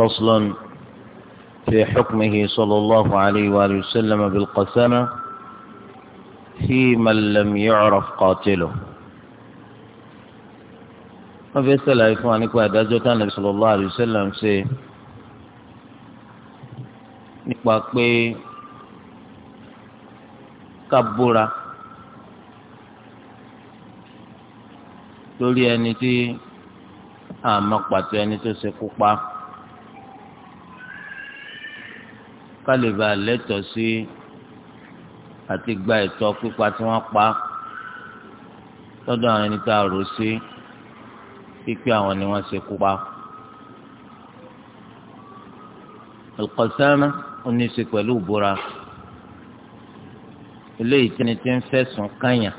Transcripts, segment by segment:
فصل في حكمه صلى الله عليه وآله وسلم بالقسامة في من لم يعرف قاتله wọ́n fi sẹ́lẹ̀ fún wa nípa ìdájọ́ tánà sallallahu alaihi wasallam ṣe nípa pé kábúra lórí ẹni tí àmọ́ pàtó ẹni tó ṣe kú pa. kálíbà lẹ́tọ̀ọ́ sí àti gba ẹ̀tọ́ pípa tí wọ́n pa lọ́dọ̀ àwọn ẹni tá a rò sí pípé àwọn ni wọ́n ṣe kú pa. Al-Qasama ó ní í ṣe pẹ̀lú ìbúra eléyìí tí ni ti ń fẹ̀sùn kànyà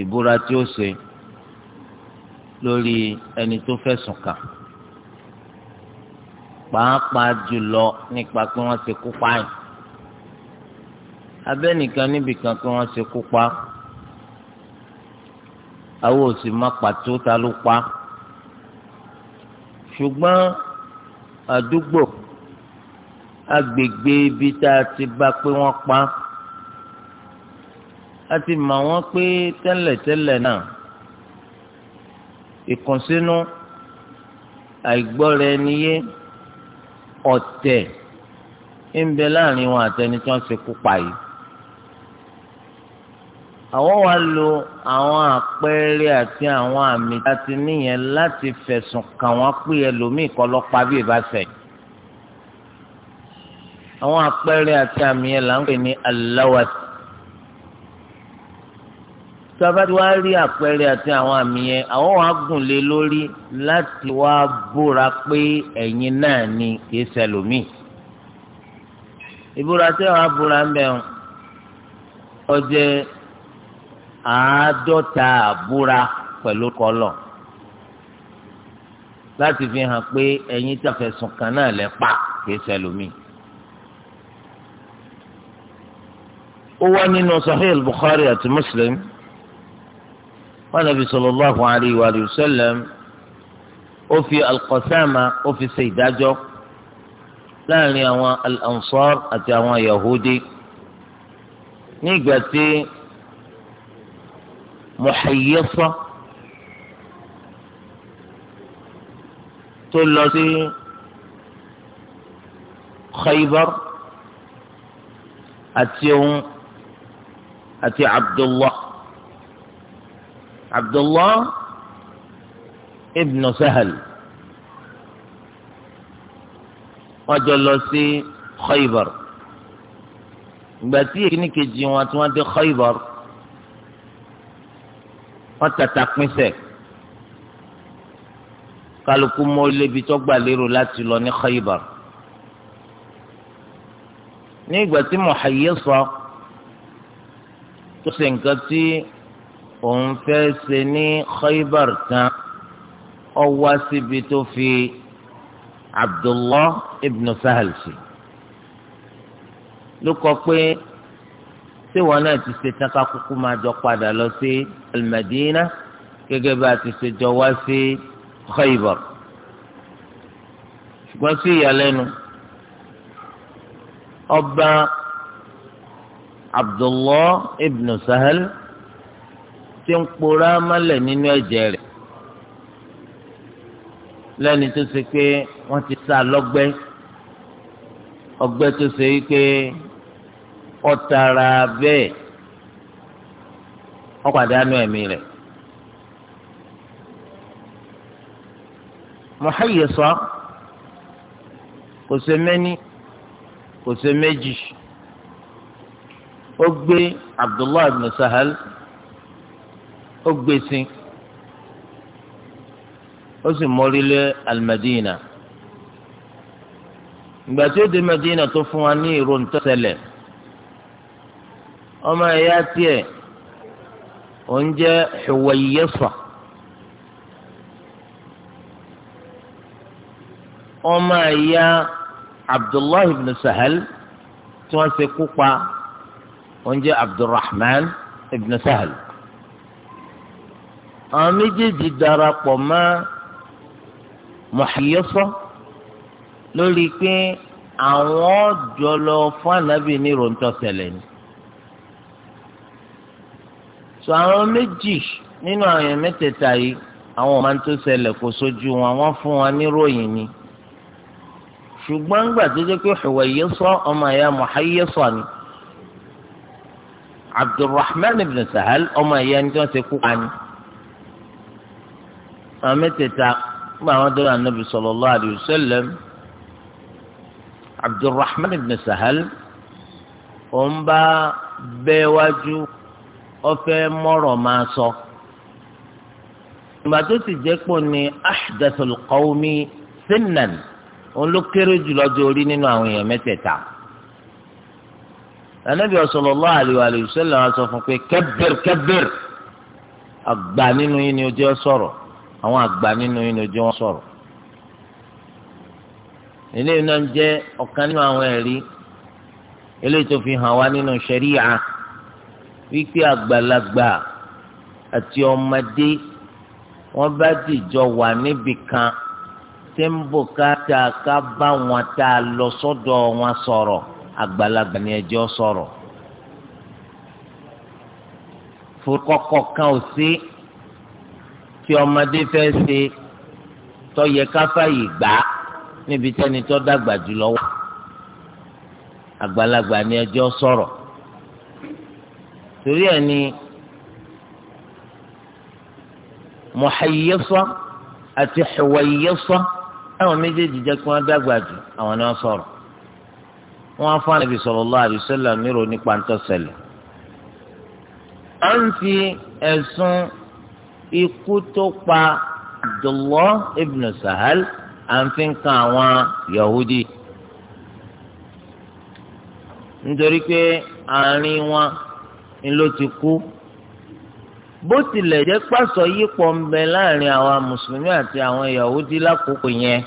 ìbúra tí ó ṣe lórí ẹni tó fẹ̀sùn kàn pàápàá jùlọ nípa pé wọ́n ṣe kú pa yìí abẹ́nìkan níbìkan pé wọ́n ṣe kú pa àwọn òsì má pàtó ta ló pa ṣùgbọ́n àdúgbò agbègbè ibi tá a ti bá pé wọ́n pa a ti mọ̀ wọ́n pé tẹ́lẹ̀tẹ́lẹ̀ náà ìkùnsínú àìgbọ́ra ẹni yé ọ̀tẹ̀ ń bẹ láàrin wọn àtẹni tí wọ́n ṣekú pa yìí àwọn wa lo àwọn àpẹẹrẹ àti àwọn àmì láti níyẹn láti fẹ̀sùn kàn wọ́n pé ẹlòmíì kọ́ lọ́pàá bí ìbáṣẹ̀ àwọn àpẹẹrẹ àti àmì yẹn là ń pè ní aláwàsí tabati wá rí àpẹẹrẹ àti àwọn àmì yẹn àwọn wàá gùn lé lórí láti wá búra pé ẹ̀yin náà ni kìí ṣẹlòmíì ìbúra tí wàá búra ń bẹ̀ ọ jẹ́ àádọ́ta àbúra pẹ̀lú kọlọ̀ láti fi hàn pé ẹ̀yin tàfẹ̀sùn kan náà lẹ́ pa kìí ṣẹlòmíì. ó wá nínú Sahih Bukhari àti Muslim. والنبي صلى الله عليه وآله وسلم وفي القسامة وفي سيداجو نيوا الأنصار أتى يهودي نيجاتي محيصة تلتي خيبر أتيهم أتي عبد الله abdullah ibn sahal wọ́n jọ lọ sí khaybar ìgbà tí èkíní kejì wọn tí wọ́n dé khaybar wọ́n tata pínsẹ̀ kálukú mọ lébi tó gbà lérò láti lọ ní khaybar ní ìgbà tí Muhayyisa tó ṣe nǹkan tí òun fẹ́ ṣe ní Khaybar tán ó wá síbi tó fi Abdullah ibn Sahal sí ló kọ pé tí wọn náà ti ṣe tán kúkú máa jọ padà lọ sí al-Madina bá a ti ṣe jọ wá sí Khaybar ṣùgbọ́n sí ìyàlẹ́nu ọba Abdullah ibn Sahal. tí ń pora mọ́lẹ̀ nínú ẹ̀jẹ̀ rẹ̀ lẹ́ni tó ṣe pé wọ́n ti sá lọ́gbẹ́ ọgbẹ́ tó ṣe pé ọ̀tara bẹ́ẹ̀ ọ̀pàdánù rẹ rẹ̀. mọ̀háyèsọ́ kò ṣe mẹ́ni kò ṣe méjì ó gbé Abdullahi ibn ó gbèsè ó sì mórílé alimadina ìgbà tí ó dé madina tó fún wa ní ìró ntọ́sẹ̀lẹ̀ ọmọ ẹ̀yà tiẹ̀ òun jẹ́ Huwayyisa ọmọ ẹ̀yà abdullahi ibn sahel tí wọ́n ṣe kú pa òun jẹ́ abdulrahman ibn sahel àwọn méjèèjì darapọ̀ mọ́ mọ̀hìyọ́sọ́ lórí pé àwọn jọlọ fún ànábì ní ròǹtọ́sẹ̀lẹ̀ ni. sọ àwọn méjì nínú àwọn mẹ́tẹ̀ẹ̀ta yìí àwọn ọ̀ma tó ṣẹlẹ̀ kò sójú wọn wọ́n fún wọn níròyìn ni. ṣùgbọ́n gbà tó jẹ́ pé Huwayyisah ọmọ ẹ̀yà Muhayyisah ni. Abdulrahman ibn Sahal ọmọ ẹ̀yà ni wọ́n ti kú pa ni àwọn mẹ́tẹ̀ẹ̀ta nígbà àwọn dọ́là nàbì sallallahu alayhi wa sallam abdulrahman ibn sahal òun bá bẹ́ẹ̀ wájú ọfẹ́ mọ́rọ̀ máa sọ. ìgbà tó sì jẹ́ pò ní ahdathul qawmi sinnan òun ló kéré jùlọ jọ orí nínú àwọn èèyàn mẹ́tẹ̀ẹ̀ta. Ànábì sallallahu alayhi wa sallam sọ fún pé kabbir kabbir àgbà nínú yín ni ó jẹ́ sọ̀rọ̀ àwọn àgbà nínú yín lójú wọn sọ̀rọ̀ eléyìí náà jẹ́ ọ̀kan nínú àwọn ẹ̀rí eléyìí tó fi hàn wá nínú ṣẹ̀ríà wípé àgbàlagbà àti ọmọdé wọ́n bá dìjọ wà níbì kan tí ń bò káta ká bá wọn tá lọ sọ́dọ̀ wọn sọ̀rọ̀ àgbàlagbà ni ẹjọ́ sọ̀rọ̀ forúkọ kọ̀ọ̀kan ò sí tí ọmọdé fẹ́ ṣe tó yẹ káfá yìí gbà á níbi tẹ́ni tó dàgbà jùlọ wà àgbàlagbà ni ẹjọ́ sọ̀rọ̀ torí ẹ̀ ni mọ̀hàyẹ́sọ́ àti hùwàyẹ́sọ́ àwọn méjèèjì jẹ́ kí wọ́n dàgbà jù àwọn ni sọ̀rọ̀ wọ́n fún ànábì sallallahu alaihi wasallam nírò nípa ń tọ́sẹ̀lẹ̀ à ń fi ẹ̀sùn ikú tó pa Abdullah ibn Sahal à ń fi kan àwọn Yahudi nítorí pé àárín wọn ni ló ti kú bó tilẹ̀ jẹ́ pàṣọ yípo ń bẹ láàrin àwọn mùsùlùmí àti àwọn Yahudi lákòókò yẹn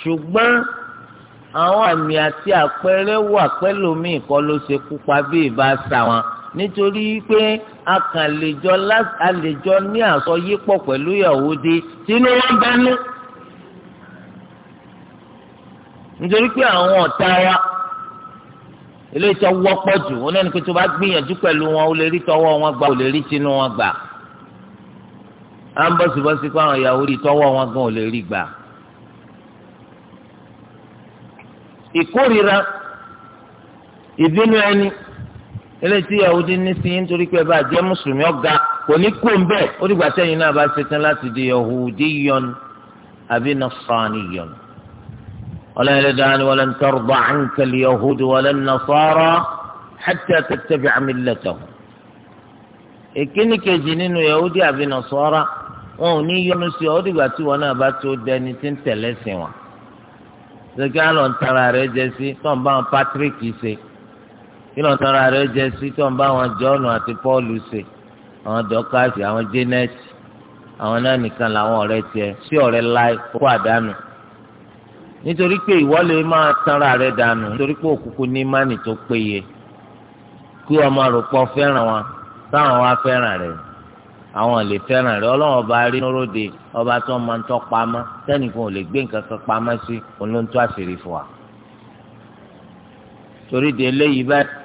ṣùgbọ́n àwọn àmì àti àpẹẹrẹ wà pẹ́lú mi kọ́ ló ṣe kú pa bí ìbá sa wọn nítorí pé a kàn lè jọ ní àsọyípọ̀ pẹ̀lú Yahudi sínú wọn bẹnu nítorí pé àwọn ọ̀tá wa eléyìí tó wọ́pọ̀ jù wọn lẹ́nu pé tó bá gbìyànjú pẹ̀lú wọn ó lè rí tọwọ́ wọn gbà ó lè rí tinú wọn gbà à ń bọ̀sibọ́sí pé àwọn Yahudi tọwọ́ wọn gan ò lè rí gbà. ìkórira ìbínú ẹni eléyìí tí yahudi ní sí nítorí pé bá jẹ́ mùsùlùmí ọ̀gá kò ní kó ń bẹ́ẹ̀ ó dìgbà sẹ́yìn náà bá ṣetán láti di yahudi yọn àbí nasrani yọn. ọlọ́run ẹlẹ́dàá ni walan tarda anka al-yahudu walan nasara hatta tattabi'a millatahum. ìkíni kejì nínú yahudi àbí nasara wọn ò ní yọnu sí ọ dìgbà tí wọn náà bá tó dẹni tí ń tẹ̀lẹ́sìn wọn kí ló ń tan ara rẹ jẹ sí tó ń bá àwọn jọ́ọ̀nù àti pọ́ọ̀lù ṣe àwọn dọ́kàsì àwọn jẹ́nẹ́tì àwọn náà nìkan làwọn ọ̀rẹ́ tiẹ̀ sí ọ̀rẹ́ láì kó àdánù nítorí pé ìwọ lè máa tan ara rẹ dànù nítorí pé òkùnkùn ní mánì tó péye kí ọmọ rò pọ̀ fẹ́ràn wọn táwọn wá fẹ́ràn rẹ̀ àwọn lè fẹ́ràn rẹ̀ ọlọ́run ọba rí nóróde ọba tó máa ń tọ́ pamọ́ tẹ́nìkan ò lè gbé nǹkan kan pamọ́ sí òun ló ń tó àṣírí fún wa. torí de eléyìí báyìí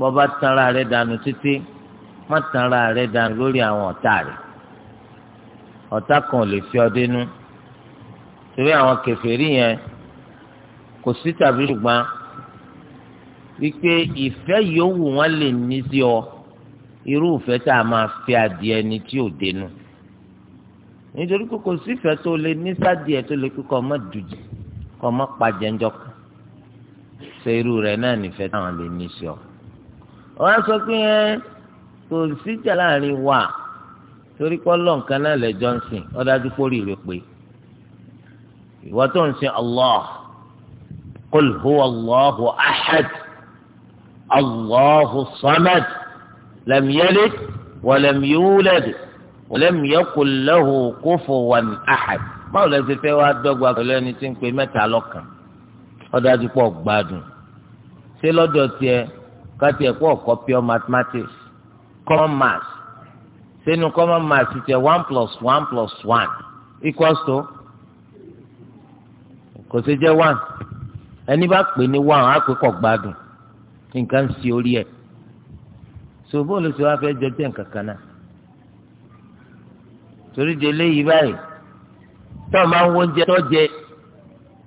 bọ́ba tanra rẹ̀ dànù títí má tanra rẹ̀ dànù lórí àwọn ọ̀tá rẹ̀ ọ̀tá kan ò lè fi ọ dénú torí àwọn kèfèrí yẹn kò sí tàbí ṣùgbọ́n wípé ìfẹ́ yòówù wọn lè ní sí ọ irú ìfẹ́ tá a máa fi adìẹ ni tí ò dénú nítorí pé kò sífẹ́ tó lè ní sádìẹ tó lè kíkọ́ ọmọ dùjì kọ́ ọmọ pàjẹ́ kan ṣe irú rẹ̀ náà nífẹ̀ẹ́ táwọn lè ní sí ọ wọ́n á sọ pé ẹ kò síjà láàrin wa torí pé ọlọ́run kan náà lẹ́jọ́ ń sìn ọ́ dájú pé orí rẹ̀ pé ìwọ tó ń sìn allah qul huwa allahu ahad allahu samad lam yalid wa lam yulad wa lam yakul lahu ahad báwo lẹ fẹ́ wá dọ́gba pẹ̀lú ẹni tí ń pe mẹ́ta lọ́kan ọ́ dájú pé ṣé lọ́dọ̀ tiẹ̀ káti ẹ̀kọ́ ọ̀kọ́ pure mathematics common maths sínú common maths ti tẹ one plus one plus one equals to kò sí jẹ́ one ẹni bá pè ní one á pè kọ̀ gbádùn nǹkan ń si orí ẹ̀ so bóòlù tí wàá fẹ́ jọ jẹ́ nǹkan kan náà torí de léyìí báyìí tó o máa ń wo oúnjẹ tó jẹ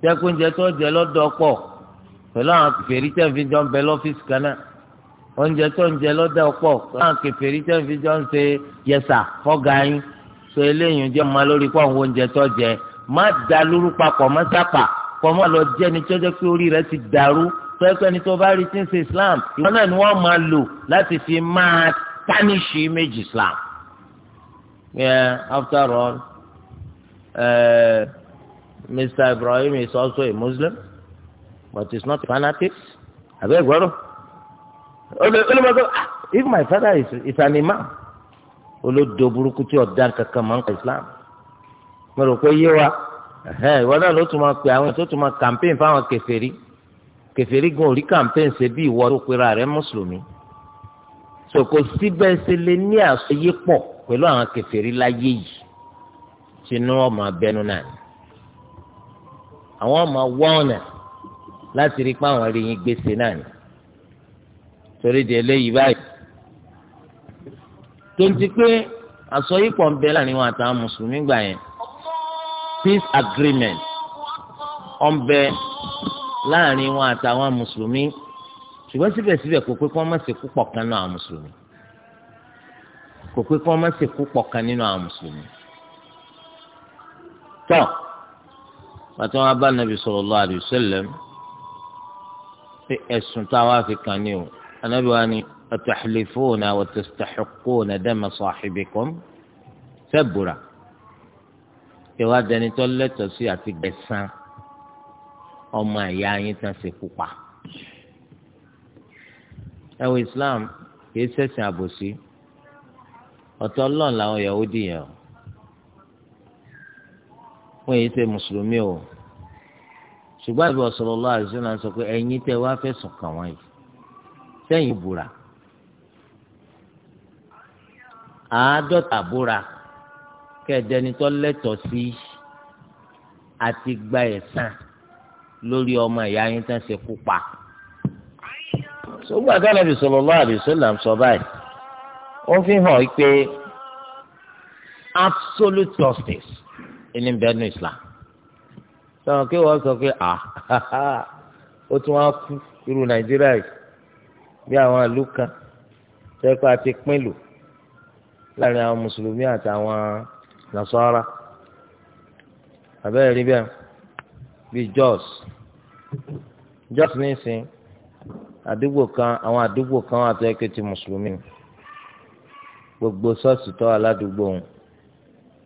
jẹ́ kó oúnjẹ tó jẹ lọ́dọ̀ pọ̀ pẹ̀lú àwọn fèrè tẹ̀ fi jọ ń bẹ lọ́fíìsì kan náà oúnjẹ tó ń jẹ lọ́dẹ ọ̀pọ̀ láwọn kẹfẹ́rí tẹ́ fi jọ ń ṣe yẹsà fọ́gà yín so eléyìí jẹ́ ọmọ lórí pọ̀ ń wo oúnjẹ tó jẹ má da papọ̀ má sápà kọ́ má lọ jẹ́ ni tọ́jọ́ pé orí rẹ ti dàrú pẹ́pẹ́ ni tó bá rí tí ń ṣe Islam ìwọ náà ni wọ́n máa lò láti fi máa tánìṣì méjì Islam. after all, uh, eh, Mr. Ibrahim is also a Muslim, but he's not fanatic olùmọ̀sọ́ ah, if my father is, is an imam olódo burúkú tí ọ̀daràn kankan máa ń kọ islam mo rò pé yé wa ìwọ náà ló tún máa pè àwọn tó tún máa campaign fáwọn kèfèrí kèfèrí gan orí campaign ṣe bí ìwọ tó pera rẹ mùsùlùmí sòkò síbẹ̀ ṣe lè ní àsọyé pọ̀ pẹ̀lú àwọn kèfèrí láyé yìí tinú ọmọ abẹnú náà ni àwọn ọmọ wọ́ọ̀nà láti rí pé àwọn rí yín gbèsè náà ni torí di eléyìí báyìí tonti pé àsọyípọ̀ ń bẹ láàrin wọn àtàwọn mùsùlùmí gbà yẹn peace agreement ń bẹ láàrin wọn àtàwọn mùsùlùmí ṣùgbọ́n síbẹ̀síbẹ̀ kò pé kí wọ́n má ṣe púpọ̀ kan nínú àwọn mùsùlùmí kò pé kí wọ́n má ṣe púpọ̀ kan nínú àwọn mùsùlùmí tọ́ pàtó wọn bá nàbì sallallahu alaihi wasallam pé ẹ̀sùn táwa fi kàn ní o anabi wa ni atahlifuna wa tastahiquna dama sahibikum sẹ́bùrà ìwà dẹni tó lẹ́tọ̀ọ́ sí àti gbẹ̀san ọmọ ìyá yín tán ṣe pupa. ẹ wo Islam kìí ṣẹ̀sìn àbòsí ọ̀tọ̀ ọlọ́run làwọn Yahudi yẹn o wọ́n yìí ṣe mùsùlùmí o ṣùgbọ́n àbí sallallahu alaihi wasallam sọ pé ẹ̀yin tẹ́ wá fẹ̀sùn kàn wọ́n yìí sẹ́yìn búra àádọ́ta búra kẹ́ẹ̀dẹ́nitọ́ lẹ́tọ̀ọ́ sí àti gba ẹ̀san lórí ọmọ ìyá yín tán ṣe kú pa. sọgbà gánàbì sallallahu alaihi wasallam sọ báyìí ó fi hàn pé absolute justice ní bẹ́ẹ̀nu Islam sọ̀rọ̀ kí wọ́n sọ pé ah ó tún wá kú irú Nàìjíríà yìí bí àwọn ìlú kan tẹ́kọ̀ àti pínlù láàrin àwọn mùsùlùmí àti àwọn nasara àbẹ́rẹ́ rí bẹ́ẹ̀ bíi Jos Jos nísìn àdúgbò kan àwọn àdúgbò kan wà tó yẹ kó ti mùsùlùmí gbogbo ṣọ́ọ̀ṣì tó wà ládùúgbò wọn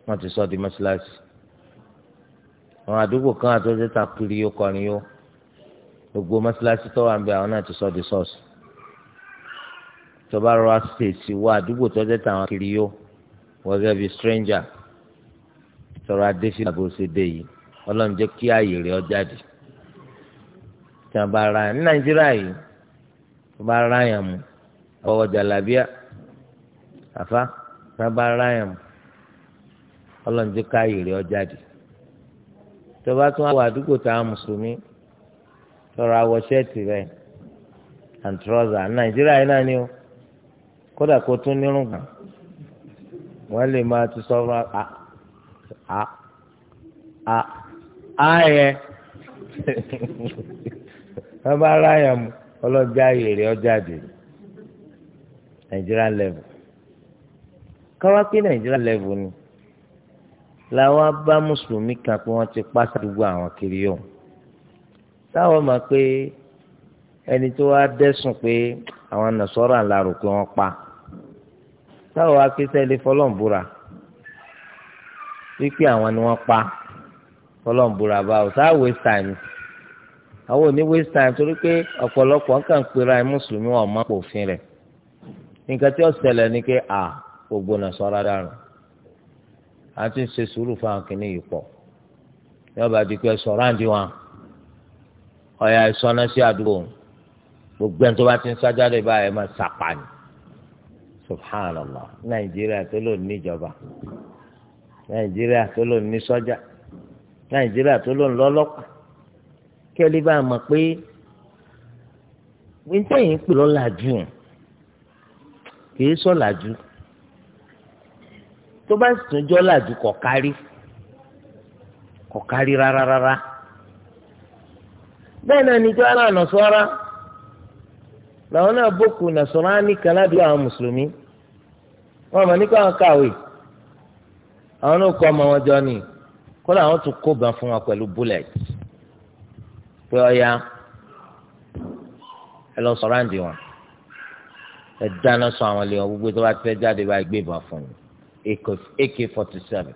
wọ́n ti sọ di mọ́ṣáláṣí àwọn àdúgbò kan àti ọjọ́ ta kiri yóò kọrin gbogbo mọ́ṣáláṣí tó wà ń bẹ àwọn náà ti sọ di ṣọ́ọ̀ṣì tọba rọra ṣèṣì wá àdúgbò tọjọ táwọn kiri yó wọ́n gẹ́gẹ́ bíi stranger tọrọ adéfìlà bó ṣe dé yìí ọlọ́run jẹ́ kí ààyè rẹ̀ ọjáde tí wọ́n bá ra ní nàìjíríà yìí wọ́n bá ra yàn mú ọwọ́ jàlábíà àfa tí wọ́n bá ra yàn mú ọlọ́run jẹ́ kí ààyè rẹ̀ ọjáde tọba tún àwọn àdúgbò táwọn mùsùlùmí tọrọ àwọ̀ ṣẹ́ẹ̀tì rẹ̀ and trouser nàìjíríà yìí náà ni o kódà kó tún nírun kan wọ́n lè máa ti sọ̀rọ̀ a a a a yẹ wọ́n bá ráyà mu ọlọ́jà yèrè ọjà dè nàìjíríà lẹ́vù káwá pé nàìjíríà lẹ́vù ni làwọn bá mùsùlùmí kan pé wọ́n ti pa sádùúgbò àwọn kiri yòó táwọn mọ̀ pé ẹni tó wá dẹ́sùn pé àwọn nàṣọ́rà ńlá rò pé wọ́n pa táwọn akéṣẹ́ lè fọlọ́ǹbúra wípé àwọn ni wọ́n pa fọlọ́ǹbúra báwo sáà waste time àwọn ò ní waste time torí pé ọ̀pọ̀lọpọ̀ nǹkan pera ẹ̀ mùsùlùmí wọn ọ̀mọ́ òfin rẹ̀ nǹkan tí ó ṣẹlẹ̀ ni pé à gbogbo náà sọ rárá rùn a ti ń ṣe sùúrù fáwọn kìnnì yìí pọ̀ yọba di pé sọ̀rọ̀ àǹdí wọn ọ̀yà ìsọ̀nà sí àdúgbò gbogbo ẹni tó bá ti ń sájáde báyìí máa ṣàpàní subhanallah nàìjíríà tó lò níjọba nàìjíríà tó lò ní sọ́jà nàìjíríà tó lò lọ́lọ́pàá kí ẹ bá a mọ̀ pé ntẹ̀yìn pè lọ́la jù kì í sọ̀la jù tó bá sì tún làwọn náà bókun nàṣọ́ránì kan ládùúgbò àwọn mùsùlùmí wọn mọ̀ nípa àwọn kàwé àwọn náà kó ọmọ wọn jọ ní kódà àwọn tún kó bàn fún wọn pẹ̀lú bullet pé ọ̀ya ẹ lọ sọ̀ránì wọn ẹ dáná sọ àwọn ilé wọn gbogbo tó bá ti fẹ́ jáde bá gbé bàn fún yín ak forty seven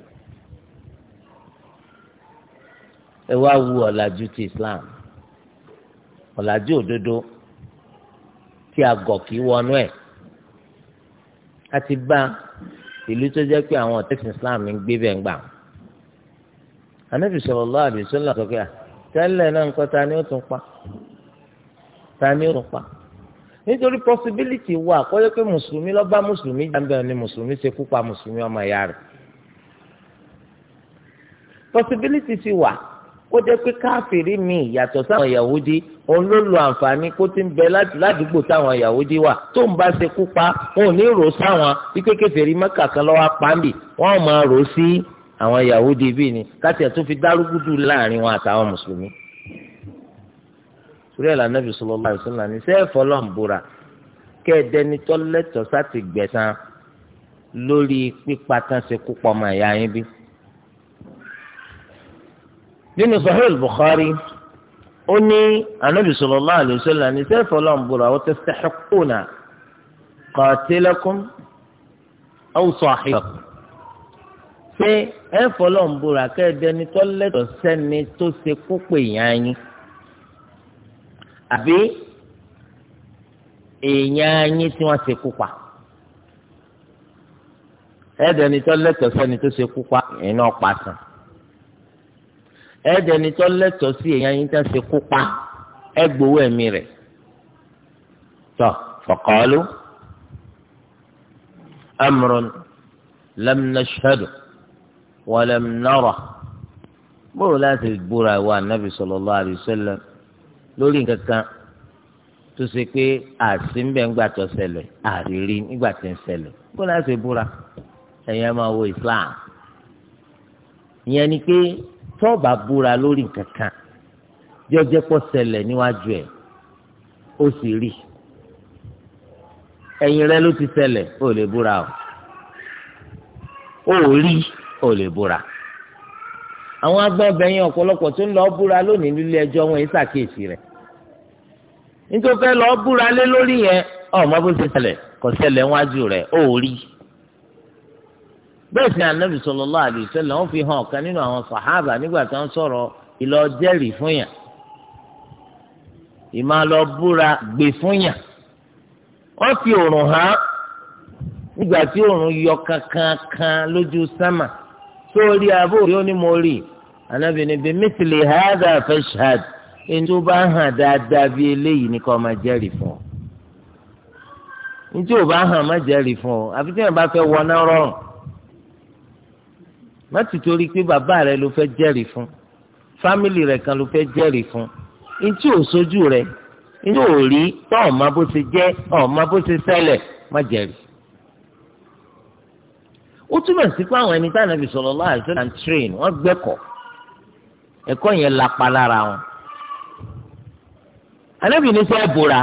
ẹ wá wu ọ̀làjú ti Islam ọ̀làjú òdodo tí agọ̀ kì í wọnú ẹ̀ a ti bá ìlú tó jẹ́ pé àwọn ọ̀tẹ́sìn Islam ń gbé bẹ́ẹ̀ ń gbà Ànábì sallallahu alaihi wasallam sọ pé à tẹ́lẹ̀ náà nǹkan ta ni ó tún pa ta ni ó tún pa nítorí possibility wà kọ́lé pé mùsùlùmí lọ́ba mùsùlùmí jàǹbẹ̀ ni mùsùlùmí ṣe kú pa mùsùlùmí ọmọ ìyá rẹ̀ possibility ti wà kó jẹ́ pé káfíìrì mi yàtọ̀ sáwọn yahudi òun ló lo àǹfààní kó ti ń bẹ ládùúgbò táwọn yahudi wà tó ń bá ṣe kú pa òun ní rò sáwọn bí kékeré mẹ́kà kan lọ́wọ́ pàǹbì wọ́n máa rò sí àwọn yahudi bíi ni káti ẹ̀ tó fi dárúgúdù láàrin wọn àtàwọn mùsùlùmí. sùrẹ́ ìlànà nàbì sallallahu alaihi wasallam ní sẹ́ẹ̀fọ́ lọ́nbùrà kẹ́ ẹ tọ́lẹ́tọ̀ sátìgbẹ̀sán lórí pípa tán ṣe kú pọ̀ mọ́ nínú sahel bukhari ó ní anabi sallallahu alayhi wa sallam ní sẹfọ lọnbùrọ àwọn tó sẹxẹkùnà qatilakum aw sahibakum pé ẹ fọlọ ń tó lẹ́tọ̀ọ́ sẹ́ni tó ṣe kó pè àbí èèyàn tí wọ́n ṣe tó sẹ́ni tó ẹ̀ẹ́dẹ̀ni tó lẹ́tọ̀ọ́ sí èèyàn yín tá ṣe kópa ẹ gbowó ẹ̀mí rẹ̀ tọ́ fọ̀kọ́lù amrun lam nashhadu wa lam nara bóòrò láti búra ìwà anábì sallallahu alaihi wasallam lórí nǹkan kan tó ṣe pé àṣì ń bẹ̀ ń gbà tó ṣẹlẹ̀ àrírí nígbà tí ń ṣẹlẹ̀ bó láti búra ẹ̀yin máa wo Islam ìyẹn ni pé tọ́ọ̀bà búra lórí nǹkan kan jọjẹ́ pọ̀ ṣẹlẹ̀ níwájú ẹ̀ ó sì rí ẹ̀yìn rẹ ló ti ṣẹlẹ̀ ó lè búra o ó rí ó lè búra àwọn agbọ́nbẹ̀yìn ọ̀pọ̀lọpọ̀ tó ń lọ búra lónìí nílé ẹjọ́ wọn yìí ṣàkíyèsí rẹ̀ nítorí fẹ́ lọ búra lé lórí yẹn ọ̀mọ́ bó ti ṣẹlẹ̀ kò ṣẹlẹ̀ níwájú rẹ̀ ó rí bẹ́ẹ̀ sì anabi sallallahu alaihi wasallam wọ́n fi hàn ọ̀kan nínú àwọn sàhábà nígbà tí wọ́n sọ̀rọ̀ ìlọ jẹ́rìí fún yàn ìmọ̀ lọ búra gbè fún yàn wọ́n fi òòrùn hàn nígbà tí òòrùn yọ kankankan lójú sama sórí abóòrí ó ní mo rí anabi ni bí mithli hadha fashhad ntí ó bá hàn dáadáa bí eléyìí ní kò máa jẹ́rìí fún ọ bá hàn má má ti torí pé bàbá rẹ ló fẹ́ jẹ́rìí fún fámìlì rẹ kan ló fẹ́ jẹ́rìí fún ntí ò sójú rẹ ntí ò rí tó ọ̀ma bó ṣe jẹ́ ọ̀ma bó ṣe ṣẹlẹ̀ má jẹ́rìí. ó túmọ̀ sí pé àwọn ẹni tí Ànábì sallallahu alaihi train wọ́n gbẹ́kọ̀ ẹ̀kọ́ yẹn lapa lára wọn. Ànábì ní sẹ́ bùra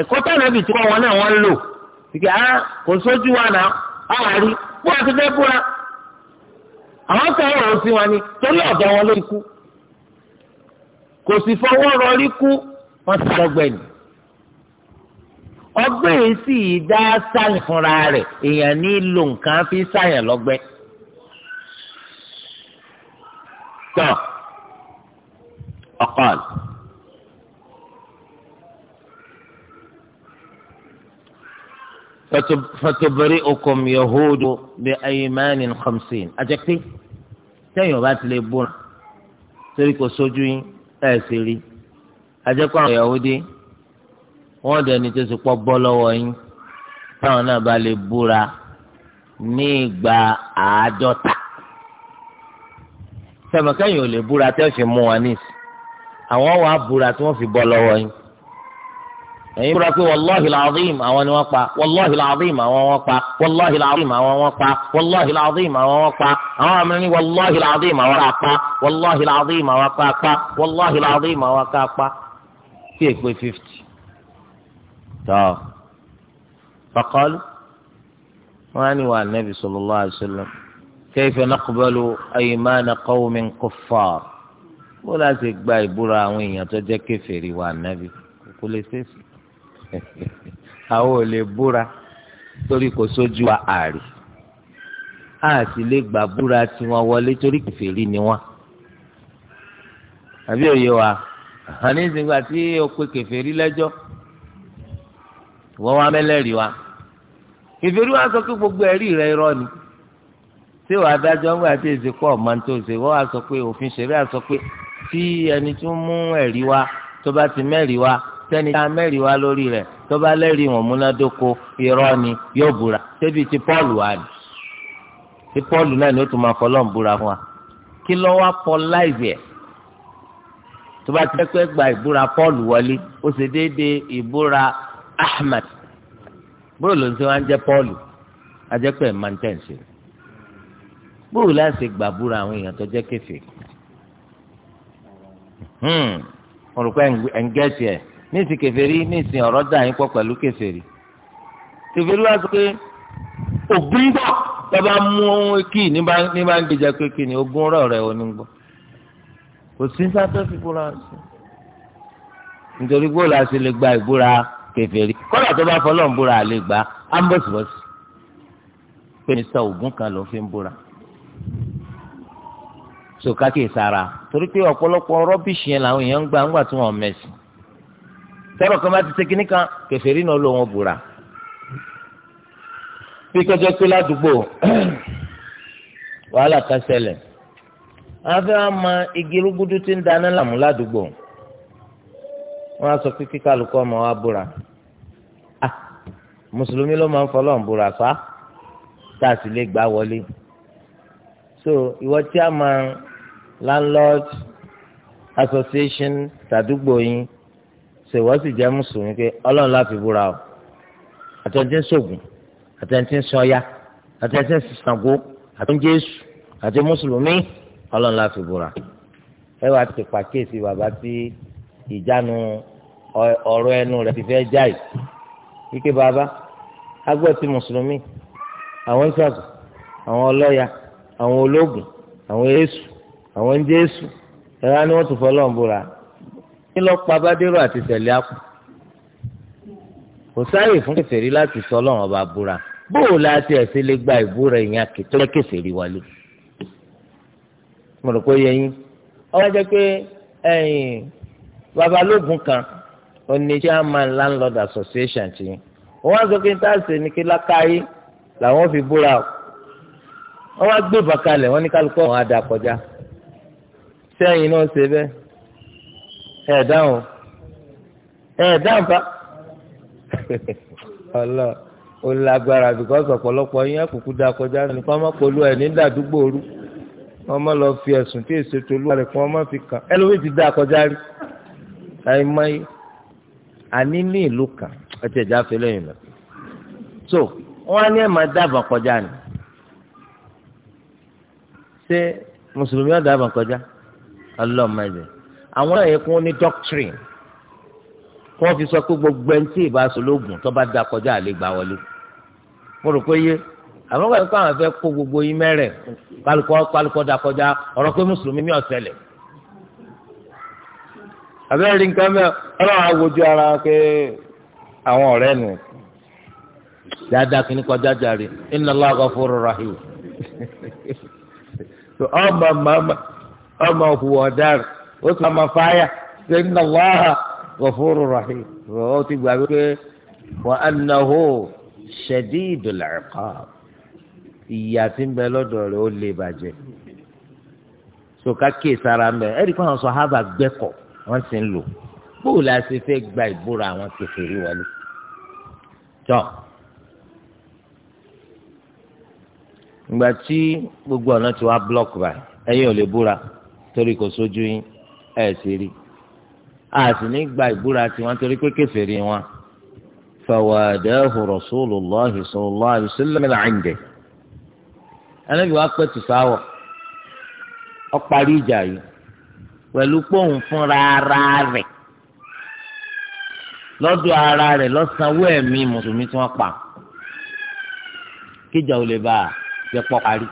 ẹ̀kọ́ tí Ànábì tí wọ́n wọn náà wọ́n lò. sìkẹ́ á ah, kò sójú wa náà á wà rí wọ́n ti fẹ́ bùra. àwọn kan rò ó sí wọn torí ọ̀dọ̀ wọn ló kú kò sì fọwọ́ rọrí kú wọ́n ti lọ́gbẹ̀ẹ́ nì ọgbẹ́ yìí sì dá sáyìn fúnra rẹ̀ èèyàn ní lo nǹkan fi sáyìn lọ́gbẹ́ tán ọ̀kan. fatobere okom yahudu bi ayimani khamsin àjẹpé sẹ́yìn ọba ti lè búra torí kò sójú yín ẹ̀ sì rí àjẹpé àwọn yahudi wọ́n dẹni tó ti pọ́ bọ́ lọ́wọ́ yín táwọn náà bá lè búra ní ìgbà àádọ́ta sẹ́mi ò lè búra tẹ́ fi mú wọn níìsì àwọn wàá búra tí wọ́n fi bọ́ lọ́wọ́ yín ẹ̀yin búra pé wàláhi làdìm àwọn ni wọ́n pa wàláhi làdìm àwọn wọ́n pa wàláhi làdìm àwọn wọ́n pa wàláhi làdìm àwọn wọ́n pa àwọn àmì ní wàláhi làdìm àwọn rà pa wàláhi làdìm àwọn ká pa wàláhi làdìm àwọn ká pa tí è pé fifty. tọ́ faqalu wọ́n á ní wà nẹ́bí sallallahu alaihi wasallam kayfa naqbalu aymana qawmin kuffar bó láti gba ìbúra àwọn èèyàn tó jẹ́ kèfèrí wà nẹ́bí kò lè ṣeéṣe. àwọn ò lè búra torí kò sójú wa àrí a sì lè gbà búra tiwọn wọlé torí kèfèrí ni wọ́n àbí òye wa àní ìsìnkú àti òpè kèfèrí lẹ́jọ́ wọ́n wá mẹ́lẹ́rìí wa kèfèrí wa sọ pé gbogbo ẹ̀rí rẹ irọ́ ni tí wàá dájọ́ ńgbà tí èsì kọ́ ọ̀ma tó ṣe wọ́n wá sọ pé òfin ṣẹ̀rí àsọ pé tí ẹni tó mú ẹ̀rí wa tó bá ti mẹ́rìí wa sẹ́ni tá a mẹ́rìí wá lórí rẹ̀ tó bá lẹ́rìí wọn múnádóko irọ́ ni yóò búra débi ti Pọ́ọ̀lù wá ni ti Pọ́ọ̀lù náà ni ó tún máa fọlọ́n búra fún wa kí lọ́ wá pọ láìsí ẹ̀ tó bá ti pẹ́ gba ìbúra Pọ́ọ̀lù wọlé ó ṣe déédéé ìbúra Ahmad bóòlù ló ń sọ wá ń jẹ́ Pọ́ọ̀lù ajẹ́pẹ́ máa ń tẹ̀ ń ṣe bóòlù láti gbàbúra àwọn èèyàn tó jẹ́ kéfèé olùkọ́ ẹ̀ńgẹ́tì ẹ̀ ní ìsìn kèfèrí ní ìsìn ọ̀rọ̀ dà yín pọ̀ pẹ̀lú kèfèrí kèfèrí wá sọ pé ògùn gbọ́ bàbá mú kí ní bá ń gbèjà pé kí ni ogún rẹ̀ rẹ̀ ò ní gbọ́ kò sí sáfẹ́ fífúra sí nítorí bóòlù àti lè gba ìbúra kèfèrí kọ́lá tó bá fọlọ́ ń búra àlè gbà á ń bọ̀sibọ̀sì pé ní sọ ògùn kan ló fi ń búra sòkàkì sára torí pé ọ̀pọ̀lọpọ̀ rọ́bìṣì yẹn làwọn èèyàn ń gbà ńgbà tí wọ́n mẹ̀sìn sẹ́rọ̀ kan bá ti ṣe kínní kan kẹfẹ́rí náà ló wọn bùrà. bí kọjá pé ládùúgbò wàhálà kan ṣẹlẹ̀ afẹ́ wa ma igi rúgúdú ti ń dáná làmú ládùúgbò wọ́n á sọ pé kíkálukú ọmọ wa búra mùsùlùmí ló máa ń fọlọ́n búra fa tá a sì lè gbá wọlé so ìwọ tí a máa landlord association tàdúgbò yín ṣèwọ́ sì jẹ́ mùsùlùmí pé ọlọ́run láfi búra o àtẹ̀ntì ń ṣògùn àtẹ̀ntì ń sọya àtẹ̀ntì ń sàngó àtẹ̀ntì jésù àti mùsùlùmí ọlọ́run láfi búra. ẹ wá ti pàkíyèsí bàbá tí ìjánu ọ̀rọ̀ ẹnu rẹ̀ ti fẹ́ jáì ike bàbá agbọ́ ti mùsùlùmí àwọn ń sàgùn àwọn ọlọ́ya àwọn ológun àwọn èésù àwọn ń jésù ẹ wá ní wọ́n tún fọ́ ọlọ́run búra kí ló pa bádérò àti tẹ̀lé àpò kò sáàyè fún kèfèrí láti sọ ọlọ́run ọba búra bóò láti ẹ̀sìn lè gba ìbúra ìyẹn àkètọ́ kèfèrí wálé mo rò pé yẹyin ọwọ́ jẹ́ pé ẹ̀yìn babalógun kan oní chairman landlord association ti wọ́n sọ pé níta ṣe ní kí lákàáyé làwọn fi búra wọ́n wá gbé bàkalẹ̀ wọ́n ní kálukọ́ wọn á dà kọjá sẹ́yìn náà ṣe bẹ́ẹ̀ ẹ dáhùn ẹ dáhùn fa ọlọ o lágbára bìkọ́sì ọ̀pọ̀lọpọ̀ yín àkùkù dá kọjá ní kọ́ ọmọ polú ẹ̀ ní dàdúgbò rú ọmọ lọ fi ẹ̀sùn tí èsì tolú rẹ̀ fún ọmọ fi kàn ẹ lómi ti dá kọjá rí àìmọye àní ní ìlú kan ẹtì ẹ̀já fi lẹ́yìn lọ so wọn á ní ẹ̀ máa dábàá kọjá ni ṣé mùsùlùmí ọ̀ dábàá kọjá àwọn náà yẹ kó ní doctrine kó fi sọ pé gbogbo ẹni tí ìbáṣọ lóògùn tó bá da kọjá àlè gbà gbogbo yín mẹrẹ kálukọ kálukọ da kọjá pé mùsùlùmí ní ọsẹlẹ nǹkan mẹ́ ọlọ́run àwòjú ara pé àwọn ọ̀rẹ́ nù dáadáa kọjá ọmọ ó tún máa fáyà ṣe ń nà wáhà ghafurur rahim ó ti gbà wípé wa annahu shadidul iqab ìyà tí ń bẹ lọ́dọ̀ rẹ̀ ó lè bàjẹ́ sọ̀ká kíyè sára ń bẹ ẹ̀rí kan sọ hábà gbẹ́kọ̀ wọ́n sì ń lò bóòlù àti gba ìbúra àwọn kèfèrí wọlé tọ́ ìgbà tí gbogbo ọ̀nà tí wàá blọ́ọ̀kì báyìí ẹ̀yin ò lè búra torí kò sójú yín ẹ̀ sì rí a sì ní gba ìbúra tiwọn torí pé kèfèrí wọn fawadahu rasulillah sallallahu alaihi wasallam ẹ̀ǹdẹ̀ ẹlẹ́bi wa pẹ́ tù sáwọ̀ ó parí ìjà yìí pẹ̀lú pòun fúnra ara rẹ̀ lọ́dọ̀ ara rẹ̀ lọ́sànwó ẹ̀mí mùsùlùmí tí wọ́n pa kíjà ò lè bá a jẹ́ pọ́ parí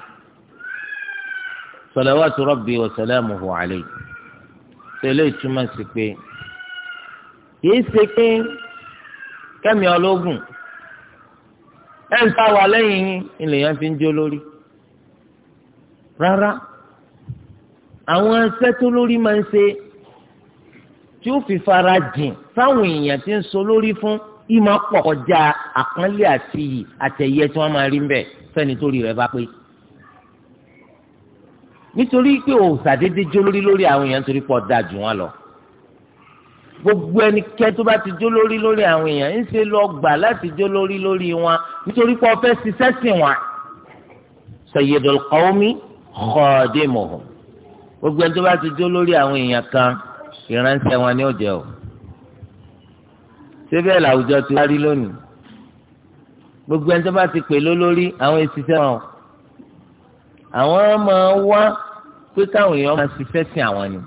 salawatu rabbi wa salamuhu tẹlẹ ìtumọ̀ sí pé kìí ṣe pé kẹ́mi ọlọ́gùn ẹ̀ ń ta wà lẹ́yìn yín ìlèyàn fi ń jó lórí rárá àwọn ẹsẹ́ tó lórí máa ń ṣe tí ó fi fara jìn sáwọn èèyàn tí ń so lórí fún ìmọ̀ pọ̀ kọjá àpọ́nlé àti àtẹ̀yẹ tí wọ́n máa rí ń bẹ̀ fẹ́ni tó rí rẹ̀ bá pé nítorí pé o jó lórí lórí àwọn èèyàn torí pọ̀ da jù wọn lọ gbogbo ẹnikẹ́ni tó bá ti jó lórí lórí àwọn èèyàn ń ṣe lọ gbà láti jó lórí wọn nítorí pé ọfẹ́ ṣiṣẹ́ sìn wọn. sayyidul qawmi khadimuhum gbogbo ẹni tó bá ti jó lórí àwọn èèyàn kan ìránṣẹ́ wọn ni ó jẹ́ o. síbẹ̀ làwùjọ ti wá rí lónìí gbogbo ẹni tó bá ti pè lólórí àwọn èsì sẹ́wọ̀n àwọn máa wá pé káwọn èèyàn máa ṣiṣẹ́ sìn àwọn ni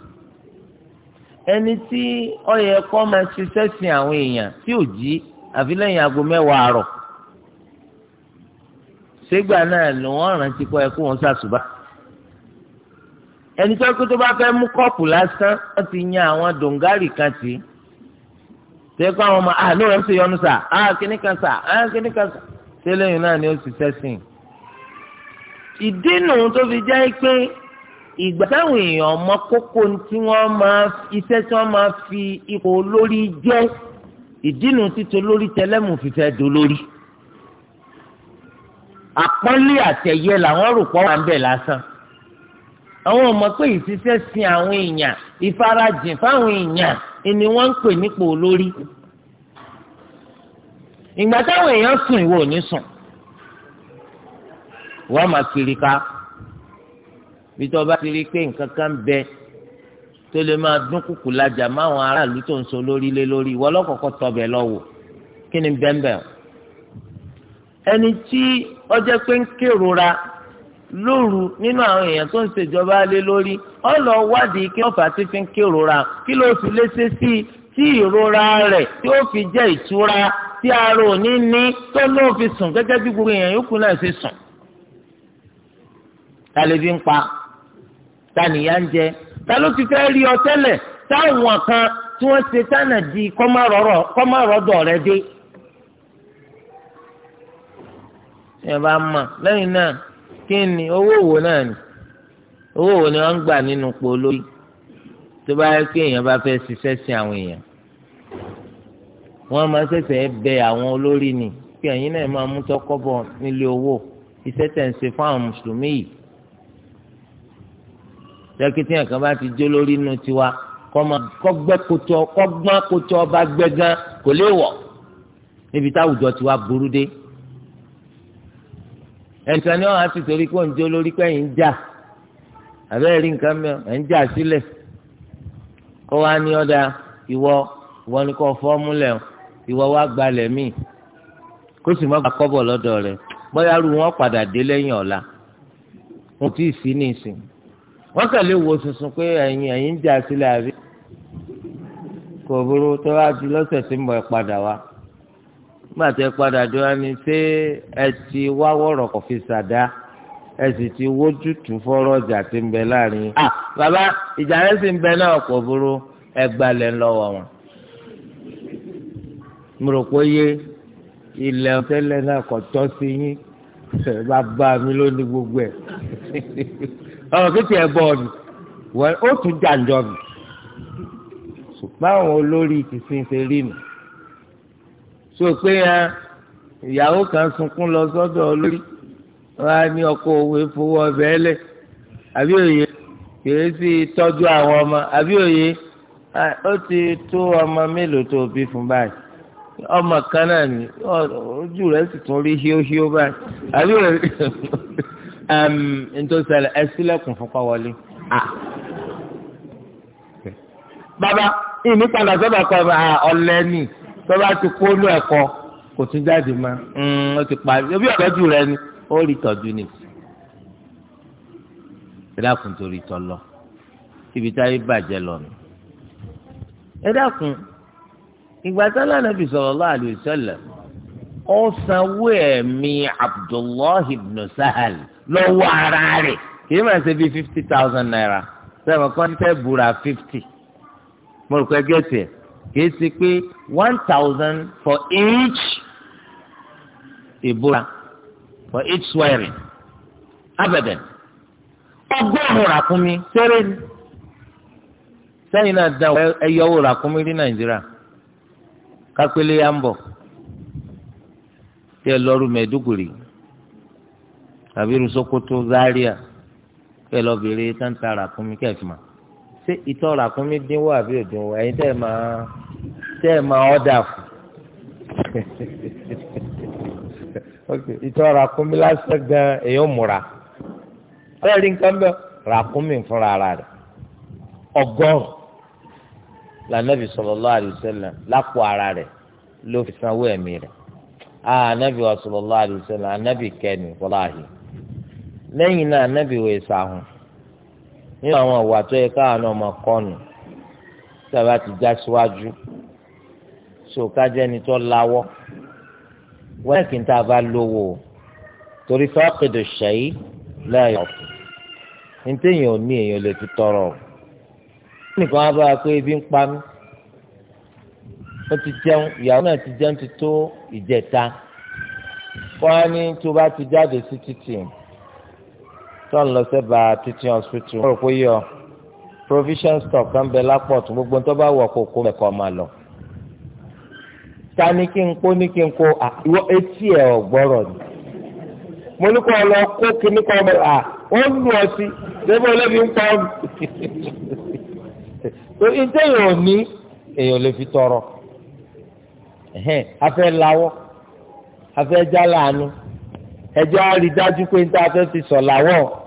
ẹni tí ó yẹ máa ṣiṣẹ́ sìn àwọn èèyàn tí ò jí àfi lẹ́yìn aago mẹ́wàá àárọ̀ ṣégbà náà ni wọ́n rántí kọ́ ẹ kó wọn ṣàṣùbà ẹni tó kó tó bá fẹ́ mú kọ́ọ̀pù lásán wọ́n ti yan àwọn dòǹgárì kan tì í tẹ́kọ̀ àwọn ọmọ àná rẹ̀ ń ṣe yọnu sà á ah, kíní kan sà á ah, kíní kan sà tẹ́lẹ̀yìn náà ni ó ṣiṣẹ́ sìn ìdínú tó fi jẹ́ pé ìgbà táwọn èèyàn ọmọ kókó tí wọ́n máa iṣẹ́ tí wọ́n máa fi ipò olórí jẹ́ ìdínú títo lórí tẹlẹ́mù fífẹ́ dolórí. àpọ́nlé àtẹ̀yẹ làwọn rò pọ̀ wà ń bẹ̀ lásán. àwọn ọmọ pé ìṣiṣẹ́ sin àwọn èèyàn ìfarajìn fáwọn èèyàn ni wọ́n ń pè nípò olórí. ìgbà táwọn èèyàn sùn ìwọ ò ní sùn wọ́n máa kiri ká bí tó bá ti rí i pé nǹkan kan bẹ tó lè máa dún kùkù lajà máwọn aráàlú tó ń so lórí lé lórí ìwọ lọ́kọ̀ọ́kọ́ tọbẹ̀ lọ́wọ́ kí ni bẹ́ńbẹ́ ẹni tí ọjọ́ pé ń kérora lóru nínú àwọn èèyàn tó ń ṣèjọba lé lórí ọ lọ wádìí kí ọ̀fà ti fi ń kérora kí ló sì léṣe sí i tí ìrora rẹ̀ yóò fi jẹ́ ìtura tí ara ò ní ní tó lóò fi sùn gẹ́gẹ́ bí gbogbo èèyàn yòókù náà ṣe sùn ta lè fi ń pa ta nìyà ń jẹ ta ló ti fẹ́ rí ọ tẹ́lẹ̀ táwọn kan tí wọ́n ṣe tánà di kọ́márọ̀dọ̀ rẹ dé. ẹ bá mọ̀ lẹ́yìn náà kí ni owó wo náà ni owó wo ni wọ́n ń gbà nínú polóyè tó bá yẹ kí èèyàn bá fẹ́ ṣiṣẹ́ sí àwọn èèyàn wọ́n máa ṣẹ̀ṣẹ̀ bẹ àwọn olórí ni kí ẹ̀yin náà máa mú tọkọ́bọ̀ nílé owó iṣẹ́ tẹ̀ ń ṣe fún àwọn mùsùlùmí yìí tẹkítí yẹn kan bá ti jó lórí inú tiwa kọgbẹ kótó kọgbọn kótó ọba gbẹ gan kò lè wọ níbi táwùjọ tiwa burú dé ẹnìkan ni wọn á sì torí pé òun jó lórí pé ń jà àbẹ́rẹ́ rí nǹkan mìíràn ẹ̀ ń jà sílẹ̀ kó wá ní ọ̀dà ìwọ ìwọ ni kò fọ́múlẹ̀ ìwọ wá gbalẹ̀ míì kó sì má gba kọ́bọ̀ lọ́dọ̀ rẹ̀ bóyá ru wọn padà dé lẹ́yìn ọ̀la wọn ò tí ì sí nísìnyí wọ́n kàn lè wo sunsun pé ẹ̀yin ẹ̀yin ń jà sílẹ̀ àbí kò burú tó bá di lọ́sẹ̀ tí mo padà wá nígbà tí ẹ padà dé wá ní ṣé ẹ ti wá wọ̀rọ̀ kò fi ṣàdá ẹ sì ti wójútùú fọ́rọ̀ ọjà tí ń bẹ láàrin. à bàbá ìjà rẹ sì ń bẹ náà kò burú ẹ gbalẹ̀ lọ́wọ́ wọn. mo rò pé yé ilẹ̀ tẹ́lẹ̀ náà kò tọ́ sí yín bàbá mi ló ní gbogbo ẹ̀. ọ̀rọ̀ kékeré ẹ̀ bọ̀ ọ̀nì wọ́n ó tún jàǹjọ́ mi ṣùgbọ́n àwọn olórí ti sin ṣe rí mi so pé ìyàwó kan sunkún lọ sọ́dọ̀ olórí wọn á ní ọkọ òwe fowó ọbẹ̀ ẹlẹ̀ àbí òye kìí sí tọ́jú àwọn ọmọ àbí òye ó ti tó ọmọ mélòó tó bí fún báyìí ọmọ kan náà ni ojú rẹ̀ sì tún rí híóhíó báyìí àbí òye nítorí ṣẹlẹ̀ ẹ sílẹ̀kùn fún kọ́wọ́lé. bàbá ìní padà sọ́dọ̀ kọ́ ọ̀lẹ́ni tó bá ti kó lú ẹ̀kọ́ kò tún jáde mọ́ hmm, ó ti parí ebi ọ̀tọ́jú rẹ ni ó rí tọ́jú ni ẹ dákun torí tọ́ lọ ibi táyé bàjẹ́ lọ ni ẹ dákun ìgbà sálà nàbì sallallahu alaihi wasallam ó sanwó ẹ̀mí Abdullahi ibn Sahal. lọ́wọ́ ara rẹ̀ kìí máa ṣe bíi fifty thousand naira sẹ́wọ̀n kọ́ńtẹ́ búra fifty mo rò pé gẹ̀ẹ́sì ẹ̀ kìí ṣe pé one thousand for each ìbúra for each swearing abẹ́dẹ̀ ọgọ́rùn-ún ràkúnmí sẹ́rẹ́ ni sẹ́yìn náà dá ẹyọwó ràkúnmí ní nàìjíríà kápẹ́lẹ́ yá ń bọ̀ tí ẹ tabiru Sokoto Zaria kẹ́ lọ bèrè táǹtà ràkúnmí ṣé ìtọ́ ràkúnmí dínwó àbí òdínwó ẹ̀yin tẹ́ máa tẹ́ máa ọ̀dà fún ìtọ́ ràkúnmí lásán gan múra rí nǹkan fúnra ara rẹ̀ ọgọ́rùn lànàbì sallallahu alaihi lápò ara rẹ̀ ló fi sanwó ẹ̀mí rẹ̀ ànàbì ah, wa sallallahu alaihi wasallam ànàbì kẹ́ni wọláhìí. lẹ́yìn náà anábì wò ìsàhùn nínú àwọn ọ̀wà tó yẹ káwọn náà kọ́nù tí ti já síwájú so ni tó láwọ́ wọ́n kì í tá a bá lówó torí fáàkìdò ṣẹ́yí lẹ́yìn ọ̀fọ̀ nítẹ̀yìn ò ní èèyàn lè fi tọrọ o nìkan á bá a pé ebi ń pa ó ti jẹun ìyàwó náà ti jẹun ti tó ìjẹta wọ́n á ní tó bá ti jáde sí títì. Si tó ń lọ sẹ́ba teaching hospital wọ́n rò pé yọ provision stock kan bẹ lápọ̀ tó gbogbo tó bá wọ̀ kókó mẹ́kọ̀ máa lọ. ta ni kí n kó ní kí n kó ìwọ etí ẹ̀ ọ̀gbọ́rọ̀ ni. mo ní kó lọ kó kíní kọ́ ọmọ à wọ́n lù ọ sí débò lẹ́bi ń pa ọ́n. torí téèyàn ò ní èèyàn lè fi tọrọ afẹ́ lawọ́ afẹ́ jálàánú ẹjọ́ á rí dájú pé fẹ́ fi sọ̀ làwọ̀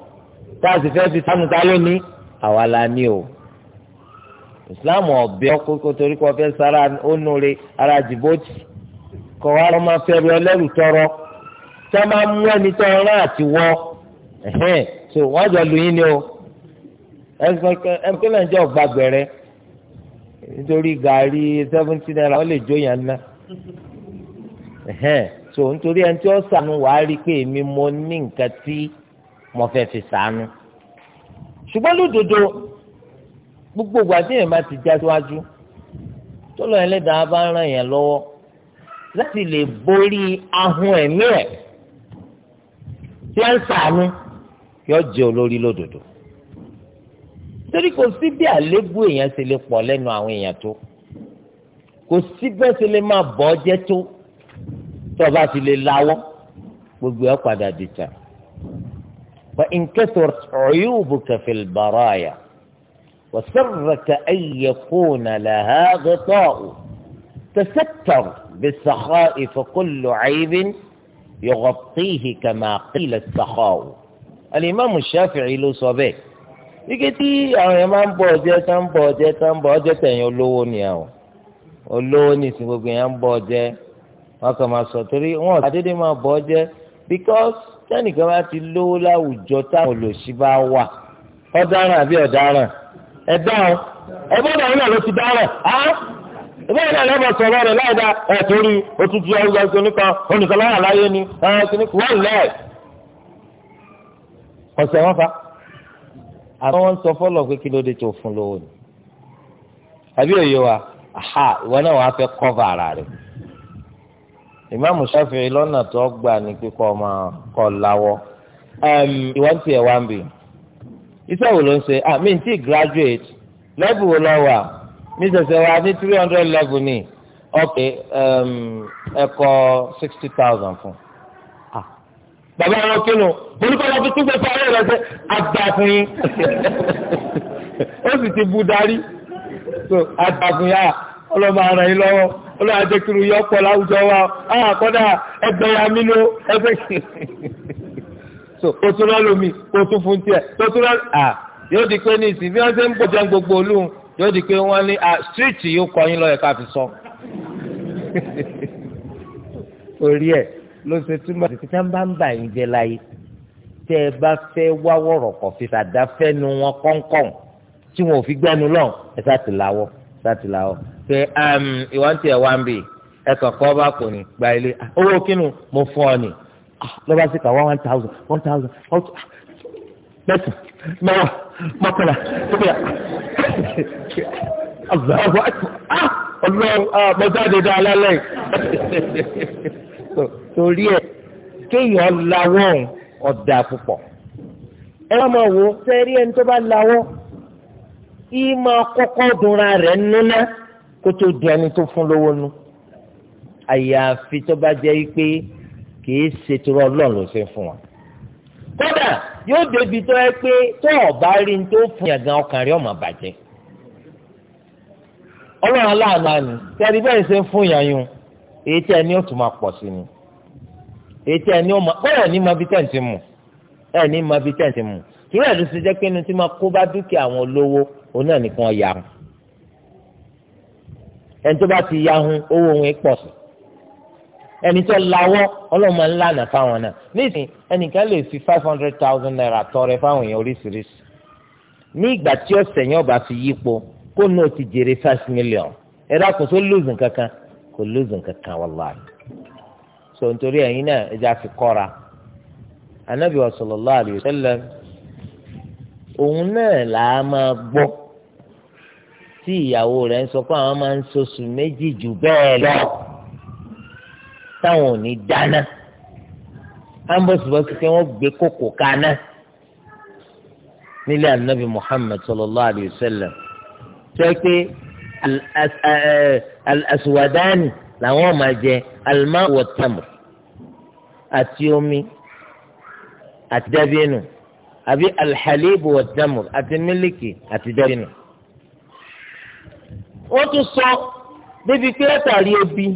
táà sì fẹ́ fi sánú ta lónìí àwa la ní o islam ọ̀bẹ kókó torí kò fẹ́ sára onúre ara jìbọ́tì kọ́ wa lọ́ máa fẹ́ ru ẹlẹ́rù tọrọ tí máa mú ẹni tọrọ náà àti wọ́ ẹ̀hẹ́n so wọ́n jọ lu yín ni o ẹnikẹ́ni jẹ́ ọ̀gbà gbẹ̀rẹ́ nítorí gàrí seventy naira wọ́n lè jó yàn ná ẹ̀hẹ́n so nítorí ẹni tí wọ́n sànù wàá rí pé èmi mo ní nǹkan tí mo fẹ́ fi sàánú ṣùgbọ́n lódodo gbogbo ìgbà tí èèyàn bá ti já síwájú tó lọ ẹlẹ́dàá bá ń ràn yẹn lọ́wọ́ láti lè borí ahun ẹ̀mí ẹ̀ tí a ń sàánú yóò jẹ́ olórí lódodo torí kò sí bí àlébù èèyàn ṣe lè pọ̀ lẹ́nu àwọn èèyàn tó kò sí bẹ́ẹ̀ ṣe lè máa bọ́ jẹ́ tó tó o bá ti lè lawọ́ gbogbo ẹ̀ padà dìtà فإن كثرت عيوبك في البرايا وسرك أن يكون لها غطاء تستر بالسخاء فكل عيب يغطيه كما قيل السخاء الإمام الشافعي له صبي يقول تي آه، يا إمام بوجة تام بوجة تام بوجة تاني يقولون يا يقولون يسمعون بوجة ما كما سوتري ما بوجة because tẹ́nìkan bá ti lówó láwùjọ táwọn olòṣì bá wà ọ̀daràn àbí ọ̀daràn ẹ̀dá o ẹ̀gbọ́n náà náà ló ti á náà lọ́bọ̀ sọ̀rọ̀ rẹ̀ láìda ẹ̀tọ́rí òtútù ọ̀gá kìnìkan oníkàláwà láyé ni kìnìkan wọ́n lẹ̀. ọ̀sẹ̀ wọn sọ fọlọ pé kí ló dé fún lówó ni àbí òye wa ìwọ náà wàá ìmáàmù Ṣáfi'í lọ́nà tó gbà ní pípọ̀ máa kọ́ láwọ́ ìwọ́n tiẹ̀ wá ń bì iṣẹ́ wo ló ń ṣe ah mi tí graduate level wo lọ wà mi ṣẹ̀ṣẹ̀ wà ní three hundred level ni ok ẹ̀kọ́ sixty thousand fún bàbá wọn kínú olùkọ́lá fi túbọ̀ fún ayé rẹ̀ ṣe àgbà ó sì ti bu darí so àgbà fún yà ọlọ́mọ ara yín lọ́wọ́ olóò àjẹkìrì yọ pọ̀ láwùjọ wa àwọn àkọ́dà ẹgbẹ́ ya mí ló ẹgbẹ́ so o tún lọ lómi o tún fún tiẹ̀ o tún lọ à yóò di pé ní ìsìn bí wọ́n ṣe ń gbọ́jọ́ gbogbo olóhùn yóò di pé wọ́n ní à stíríìtì yóò kọ́ yín lọ́yẹ̀ ká fi sọ. orí ẹ̀ ló ṣe túmọ̀ títí bá ń bà yín jẹ láyé tẹ́ ẹ bá fẹ́ wá wọ̀rọ̀kọ̀ fi sàdáfẹ́nu wọn kọ́ńkọ́n tí wọn ò fi gbẹ́nu lọ́n ṣe um, ìwáǹtí ẹ̀ wá ń bì ẹ̀ kọ̀ọ̀kan bá kò ní gba ilé ah, owó kínú mo fún ọ nì ah, lọ́ba sí ká wá one thousand one thousand ah, mẹ́sàn mẹ́wàá mọ́kànlá tókìlá ọ̀gbọ̀n ọ̀gbọ̀n mọ́jáde dá alálẹ̀ torí ẹ̀ kéèyàn lawọ́ ọ̀dà púpọ̀ ẹ wá máa wò sẹ́rí ẹni tó bá lawọ́ ìmọ̀ kọ́kọ́ dunra rẹ̀ nínú náà kó tó di ẹni tó fún lówó nu àyàfi tó bá jẹ́ pé kìí ṣe tó rọ lọ́n ló ṣe fún wa. kódà yóò débi tó yẹ pé tó ọ̀bá rí ní tó fún yàn gan ọkàn rí ọmọ bàjẹ́. ọlọ́run aláàánú àná tẹ́lẹ̀ bẹ́ẹ̀ ṣe fún yàn èyí tẹ́ ẹni ó tún máa pọ̀ sí ni èyí tẹ́ ẹni ó máa bẹ́ẹ̀ ní ma bí tẹ̀ǹtì mu ẹ̀ ní máa bí tẹ̀ǹtì mu. ìrẹ́lú ṣe jẹ́ pé inú tí máa kó bá dúkìá àwọn olówó onáà nìkan yà ẹni tó bá ti yahun owó wọn pọ̀ sí ẹni tó lawọ́ ọlọ́mọ ńlá nà fáwọn náà nísìnyí ẹnìkan lè fi five hundred thousand naira tọrẹ fáwọn èèyàn oríṣiríṣi ní ìgbà tí ọ̀sẹ̀ yẹn ọba fi yípo kó náà ti jèrè five million ẹ dákun tó lóòzùn kankan kò lóòzùn kankan wàláì so nítorí ẹ̀yin náà ẹ já kọra kọ́ra anabi wa sallallahu alayhi wa sallam òun náà là á máa gbọ́ tí ìyàwó rẹ̀ ń sọ pé àwọn máa ń soṣù méjì jù bẹ́ẹ̀ lọ táwọn ò ní dáná ambosibosi pé wọ́n gbé kókò kaná nílé anabi muhammed sallallahu alayhi wa sallam sọ pé al eh, eh, làwọn máa jẹ alma àti omi àti dábìínù àbí alhalibu wa àti mílíkì àti dábìínù wọ́n tún sọ débi pé látàrí ebi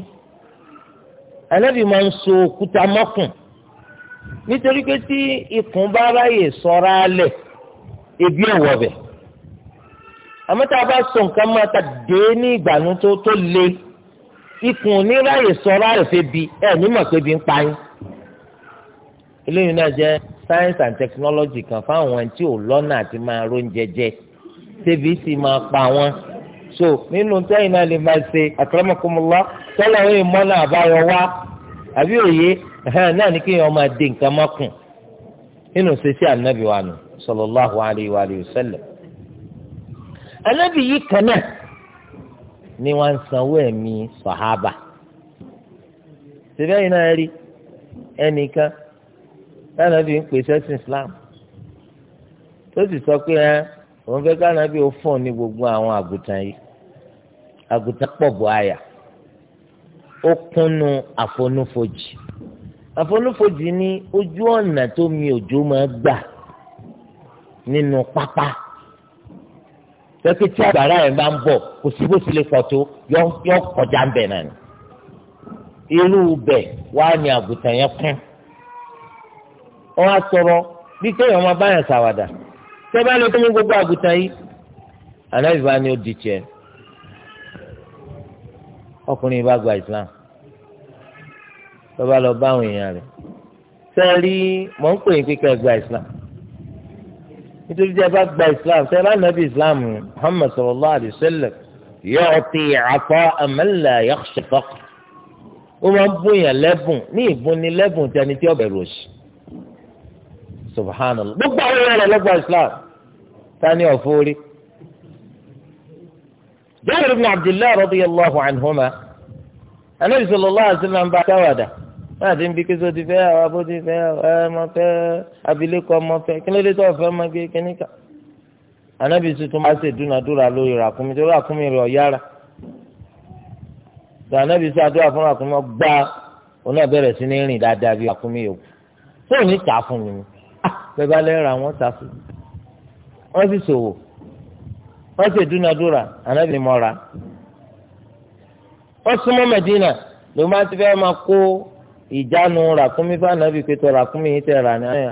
ànábì máa ń so òkúta mọ́kùn nítorí pé tí ikùn bá ráyè sọra lẹ̀ ebi ọ̀wọ̀ bẹ̀ àmọ́ tá a bá sọ nǹkan máa ta dé ní ìgbàanú tó tó le ikùn ní ráyè sọra rẹ̀ fẹ́ bi ẹ̀ nímọ̀ pé bí ń pa yín eléyìí náà jẹ́ science and technology kan fáwọn tí ò lọ́nà àti máa róúnjẹ jẹ tẹ́bi sì máa pa wọ́n. so nínú tẹ́yìn náà lè máa ṣe àkàràmọ́kùnmọ́lá tọ́lá òye mọ́nà àbáyọ wá àbí òye náà ní kéèyàn máa dé nǹkan má kùn nínú ṣẹṣẹ ànábì wa nù sallallahu alayhi wa sallam. ànábì yìí kan náà ni wọ́n sanwó ẹ̀mí sàhábà síbẹ̀ náà rí ẹnìkan ànábì ń pèsè sí Islam tó sì sọ pé ẹ òun fẹ́ ká ànábì ó fún ní gbogbo àwọn àgùntàn yìí àgùntàn pọ̀ bọ̀ àyà ó kúnnu àfonúfojì àfonúfojì ni ojú ọ̀nà tó mi òjò máa gbà nínú pápá tẹ́kítí àgbàrá yẹn bá ń bọ̀ kò sí bó tilẹ̀ pọ̀ yọ kọjá ń bẹ̀ náà ni irú bẹ̀ wá ní àgùntàn yẹn kún wọ́n á sọ̀rọ̀ bí kéèyàn máa báyàn ṣàwàdà tẹ́ bá lọ tó ní gbogbo àgùntàn yìí ànábìbá ni ó di tiẹ̀ ọkùnrin bá gba islam lọ́ba lọ bá àwọn èèyàn rẹ̀ sẹ́ẹ̀rí mọ̀ ń pè é kíkẹ́ gba islam nítorí tí a bá gba islam sẹ́ẹ̀ bá nàbí islam muhammad sallallahu alayhi wa sallam yu'ti 'ata'an man la yakhsha faqr ó máa ń bóyá lẹ́bùn ní ìbúni lẹ́bùn tí a ní tí ọ̀bẹ̀ rò sí subhanallah gbogbo àwọn èèyàn rẹ̀ lọ́gbà islam ta ni rí. Jabir ibn Abdullah radiyallahu anhuma Ànábì sallallahu alaihi wasallam ń bá káwàdà náà ti ń bí kíso ti fẹ́ àwọn abó ti fẹ́ ẹ mọ fẹ́ abilékọ mọ fẹ́ kí ló dé tó ọ̀fẹ́ mọ gbé kíní ká Ànábì tuntun máa ṣe dúnadúrà lórí ràkúnmí torí ràkúnmí rẹ̀ ọ̀yára tó Ànábì sọ àdúrà fún ràkúnmí ọgbà oná bẹ̀rẹ̀ sí ní rìn dáadáa bí ràkúnmí yòókù fóònù ìta fún mi ah, bẹ́ẹ̀ bá lẹ́ràn àwọn ta fún mi wọ́n sì ṣòwò wọ́n sì dúnadúrà ànábì ni mo rà ti fẹ́ máa kó ìjánu ràkúnmí fún ànábì pé ràkúnmí yìí tẹ̀ rà ní àyà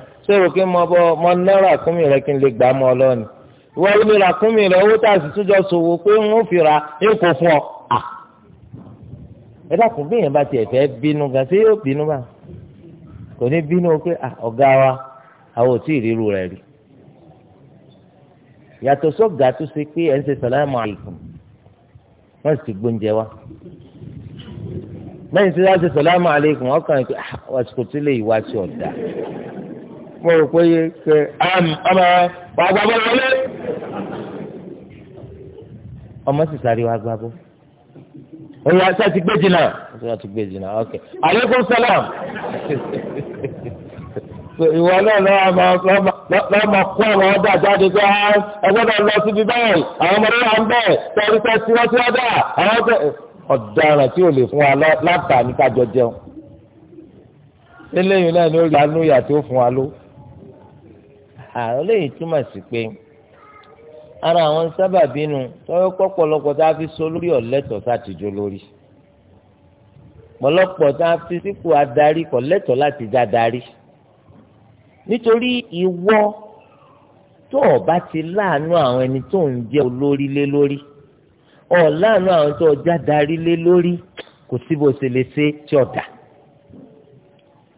kí mo bọ́ ràkúnmí rẹ kí n lè gbà mọ́ ìwọ a sì sòwò pé n ọ. ẹ bí èèyàn bá tiẹ̀ fẹ́ bínú gan ṣé yóò bínú bá kò ní bínú pé yàtọ̀ sọ́gà tó ṣe pé ẹ̀ ń ṣe sàlámù àlùkùn wọ́n sì gbóúnjẹ wa lẹ́yìn tí wọ́n ṣe sàlámù àlùkùn wọ́n kàn ń pè ah, àsìkò tí lè wá sí ọ̀dà mo rò pé ṣe ọmọ wàá gbà bọ́ọ̀lù wọlé ọmọ sì sáré wàá gbà bọ́ òun àti àti gbé jìnnà àti gbé jìnnà ok aleykum salaam ìwọ náà lọ́wọ́ àmọ́ ọmọ lọ́mọ kó àwọn ọ̀dà jáde pé ah, ẹ gbọ́dọ̀ lọ síbi báyìí àwọn ọmọdé wà ń bẹ̀ tẹ̀lé tẹ̀ sí wọ́n sí ọ̀dà ah, àwọn ọ̀daràn tí ò lè fún wa lábàá ní kájọ jẹun eléyìí náà ni ó rí anú ìyà tí ó fún wa ló. àwọn eléyìí túmọ̀ sí pé ara àwọn sábà bínú tọ́wọ́ pọ̀pọ̀lọpọ̀ tá a fi so lórí ọ̀lẹ́tọ̀ sátìjọ lórí pọ̀lọpọ̀ tá a fi sípò adarí kọ̀ lẹ́tọ̀ láti já darí nítorí ìwọ tó o bá ti láàánú àwọn ẹni tó ń jẹ́ olórí lé lórí o láàánú àwọn tó o já darí lé lórí kò sí bó ṣe lè ṣe tí o dà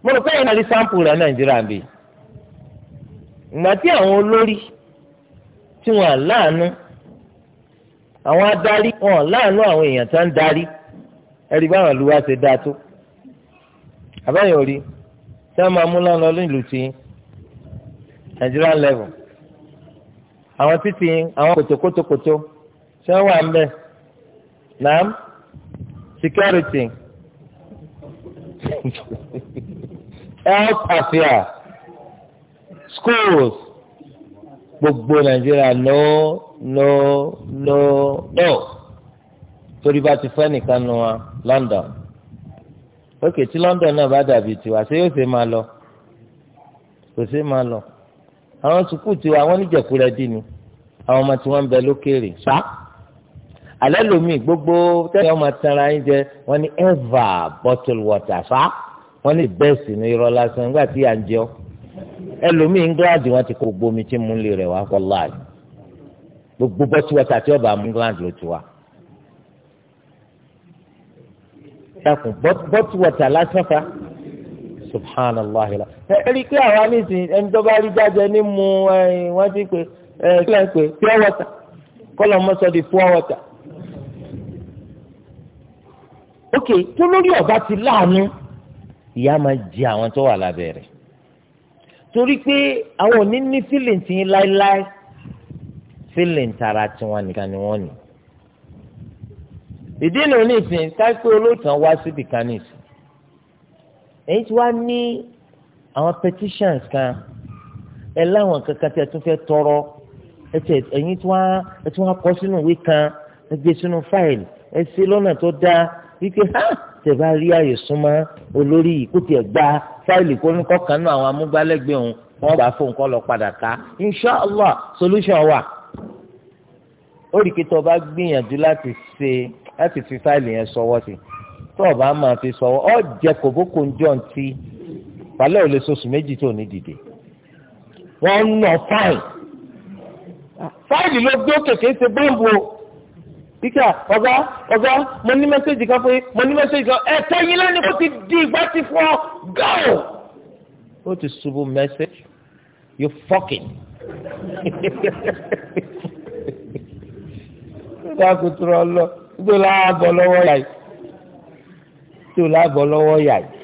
mo rò pé ìyá rí sáǹpù rẹ̀ nàìjíríà bì ìgbà tí àwọn olórí tí wọn láàánú àwọn adarí wọn láàánú àwọn èèyàn tó ń darí ẹ̀rí báwọn ìlú wa ṣe dáa tó àbáyọ̀ rí tí wọ́n máa mú lọ́nà lónìí lù Nigerian level àwọn títì àwọn kòtòkótòkòtò ṣé wọ́n wà ń bẹ̀ Nam? security health affairs schools gbogbo Nigeria. no no no no torí bá ti fẹ́ nìkan nu wa London ókè tí London náà bá dàbí tiwa ṣé yóò ṣe máa lọ kò ṣe máa lọ àwọn sùkúù tí àwọn oníjẹkúrẹ dín ni àwọn ọmọ tí wọ́n ń bẹ lókèrè sá alẹ́ lomi gbogbo tẹ́lẹ̀ ọmọ tẹ́lẹ̀ ayé jẹ wọ́n ní eva bottle water sá wọ́n ní bẹ́ẹ̀sì ní irọ́ lásán nígbà tí à ń jẹ́ ọ́ ẹlòmíì England wọ́n ti kó gbogbo omi tí mú lè rẹ̀ wá kọ́ láàyè gbogbo bottle water tí ọba England ló ti wá. dákun bottle lásán fa subhanallah la ẹ̀rí pé àwa nísìnyí ẹni tó bá rí jáde ní mu wọ́n ti pè ẹ̀ kílẹ̀ ń pè pure water kọ́lọ̀ mọ́sọ di pure water. ok tó lórí ọba ti láàánú ìyá máa jẹ àwọn tó wà lábẹ́ rẹ̀ torí pé àwọn òní ní fílìn tí ń láéláé fílìn tara tiwọn nìkan ni wọ́n ní ìdí ìlú ní ìsìn táìpé olóòtú wá síbi kan ní ìsìn èyí tí wàá ní àwọn petitions kan ẹ láwọn kankan tí ẹ tún fẹ́ tọrọ ẹ tẹ ẹ̀yin tí wàá ẹ tún wàá kọ sínú ìwé kan ẹ gbé sínú fáìlì ẹ ṣe lọ́nà tó dáa wípé ha tẹ̀bá rí àyè súnmọ́ olórí yìí kó tiẹ̀ gba fáìlì kó ní kọ́kànnú àwọn amúgbálẹ́gbẹ̀ẹ́ òun wọ́n gbà fóun kọ́ lọ padà ká inshallah solution wà ó rí i pé tó o bá gbìyànjú láti fi fáìlì yẹn sọwọ́ sí i tó o bá máa fi sọ̀wọ́ ọ jẹ kòbókò ń jọ̀ ntí balẹ̀ ò lè sọ̀sù méjì tó ní dìde wọ́n ń nà fáìn fáìlì ló gbé kèké ṣe bọ́ǹbù o píkà ọ̀gá ọ̀gá mo ní mẹ́sẹ̀jì kan fún yín mo ní mẹ́sẹ̀jì kan ẹ tẹ́yìn lẹ́ni kó ti di ìgbà ti fọ́ gáò ó ti ṣubú mẹ́sẹ̀jì you fucking ó dáa kò tura ọ lọ gbọ́dọ̀ láàbọ̀ lọ́wọ́ yàrá tí o lábọ̀ lọ́wọ́ yà yìí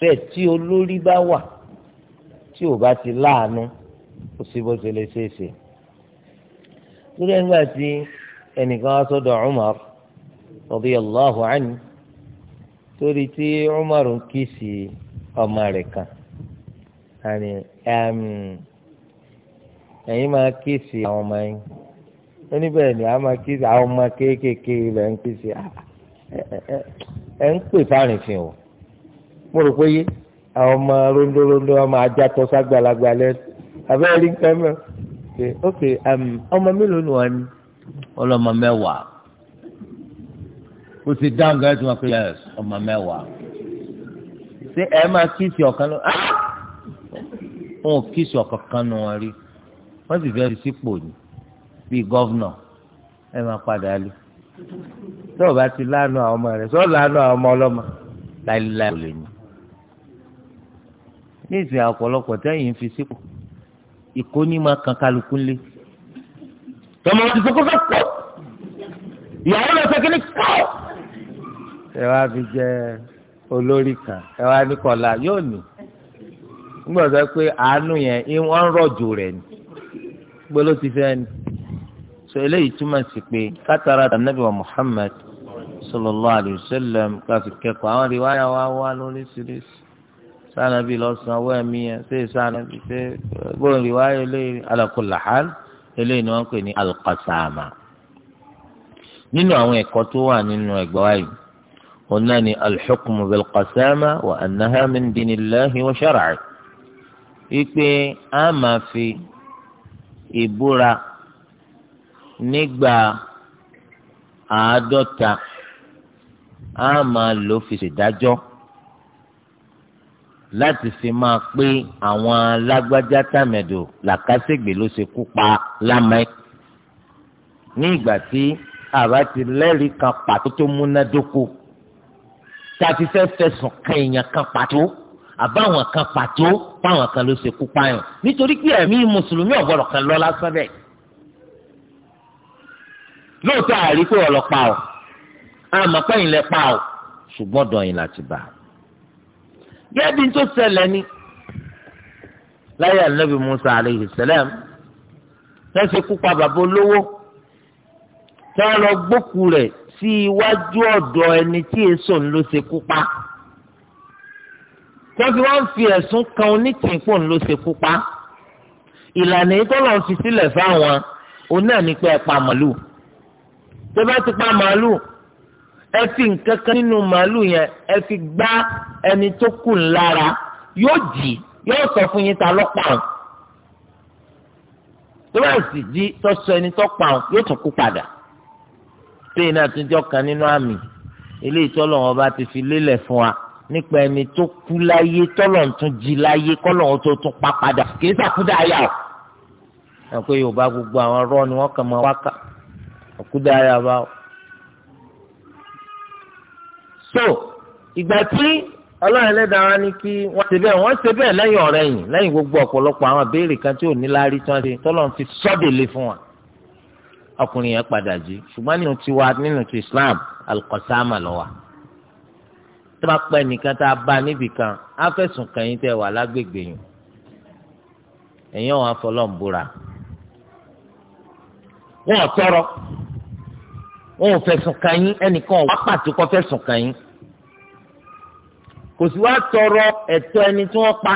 bẹ́ẹ̀ tí olórí bá wà tí o bá ti láàánú kò sí bó ṣe lè ṣe é ṣe. lórí ẹgbẹ́ àti ẹnìkan wá sọ́dọ̀ Umar radiyallahu anhu torí tí Umar ń kí sí ọmọ rẹ̀ kan ẹ̀yin máa kí sí àwọn ọmọ yín oníbẹ̀rẹ̀ ni a máa kí sí àwọn ọmọ kéékèèké rẹ̀ ń kí sí ah, ah, ah, eh, eh, eh ẹ ń pè fárìnfin o mo rò pé yé àwọn ọmọ rondórondó ọmọ ajá tó ságbàlagbà lẹ́nu abẹ́rẹ́ rí nǹkan mọ́ ṣe ok um, ọmọ mélòó ni wọ́n ní ọlọ́mọ mẹ́wàá kò sì dáhùn gẹ́gẹ́ tí wọ́n pe yes ọmọ mẹ́wàá ṣé ẹ máa kíìsì ọ̀kan lọ ah! wọn ò kíìsì ọ̀kan kan nu wọn rí wọ́n sì fẹ́ẹ́ fi sípò ní bíi gọ́vnọ̀ ẹ máa padà lé tó o bá ti lánà àwọn ọmọ rẹ̀ sọ́ọ́ lánà àwọn ọmọ ọlọ́mọ láìláì kò lè ní. ní ìsìn ọ̀pọ̀lọpọ̀ tẹ́yìn ń fi sípò ìkóní máa kan kálukú lé. tọmọ ti sọkọ ká pọ ìyàwó lọ sọ kíní pọ. ẹ wá fi jẹ olórí kan ẹ wá ní kọlá yóò ní nígbà tó pé àánú yẹn wọ́n ń rọ̀jò rẹ̀ ní gbọ́dọ̀ ti fẹ́ ni. sọ eléyìí túmọ̀ sí pé kátàrà tànàbí wa Muhammad sallallahu alayhi wa sallam káfí kẹ́kọ̀ọ́ àwọn riwaya wa wá lóríṣiríṣi sànàbí lọ́sàn owó ẹ̀mí yẹn ṣé sànàbí ṣé gbọ́n riwaya eléyìí ala kulli hal eléyìí ni wọ́n ń pè ní alqasama nínú àwọn ẹ̀kọ́ tó wà nínú ẹ̀gbọ́n wa yìí náà ni alḥukumu bilqasama wa anaha min wa shar'i ipe a máa fi ìbúra nígbà àádọ́ta a máa lò fi ṣèdájọ́ láti fi máa pé àwọn alágbájá tàmẹ̀dò làkàṣègbè ló ṣe kú pa lámẹ́ ní ìgbà tí àbá ti lẹ́rìí kan pàtó tó múnádóko tá a ti fẹ́ fẹ̀sùn kan èèyàn kan pàtó àbáwọn kan pàtó fáwọn kan ló ṣe kú pààyàn nítorí pé ẹ̀mí mùsùlùmí ọ̀gbọ́dọ̀ kan lọ lásán lóòótọ́ àrí pé ọ̀lọ́ pa ọ́ àmọ́ pẹ́yìn lẹ pa ọ́ ṣùgbọ́n dọ̀yìn láti bá a. gẹ́bí tó ṣẹlẹ̀ ni láyé ànábì Musa aleyhi sẹlẹm tẹ́sí kúpa bàbá olówó tẹ́ ọ lọ gbókù rẹ̀ sí iwájú ọ̀dọ̀ ẹni tí èso ń lọ ṣe kúpa tẹ́sí wọ́n ń fi ẹ̀sùn kan onítìpó ń lọ ṣe kúpa ìlànà ìtọ́lọ́ fi sílẹ̀ fáwọn onáà ní pé ẹ pa màlúù tẹ́ bá ti pa màálù ẹ fi nǹkan kan nínú màálù yẹn ẹ fi gbá ẹni tó kù lára yóò jì yóò sọ fún yín ta lọ́pàá tó bá sì jí tọ́sọ ẹni tó pa ọ́n yóò tún kú padà pé iná tún jọ kan nínú àmì eléyìí tọ́lọ̀ wọn bá ti fi lélẹ̀ fún wa nípa ẹni tó kú láyé tọ́lọ̀ tún jí láyé kọ́lọ̀ wọn tó tún pa padà kì í sàkúdà yà ó. ẹ pé yorùbá gbogbo àwọn ọ̀rọ̀ ni wọ́n kàn máa wá kà àkúdáyà bá o. so ìgbà tí ọlọ́run ẹlẹ́dàá wa ní kí wọ́n ṣe bẹ́ẹ̀ wọ́n ṣe bẹ́ẹ̀ lẹ́yìn ọ̀rẹ́ yìí lẹ́yìn gbogbo ọ̀pọ̀lọpọ̀ àwọn béèrè kan tí ò ní láárí tán ṣe tọ́lọ́run fi sọ́dẹ̀lẹ̀ fún wa ọkùnrin yẹn padà jí ṣùgbọ́n nínú tiwa nínú ti Islam alukọ̀sáàmà lọ́wọ́ tó bá pẹ́ nìkan tá a bá níbì kan á fẹ̀sùn kàn yín tẹ́ wà lágbègbè yìí ẹ̀yìn ọ̀hún afọlọ́ǹbúra wọn ò fẹ̀sùn kàn yín ẹnìkan wá pàtó kọ́ fẹ̀sùn kàn yín kò sí wá tọrọ ẹ̀tọ́ ẹni tí wọ́n pa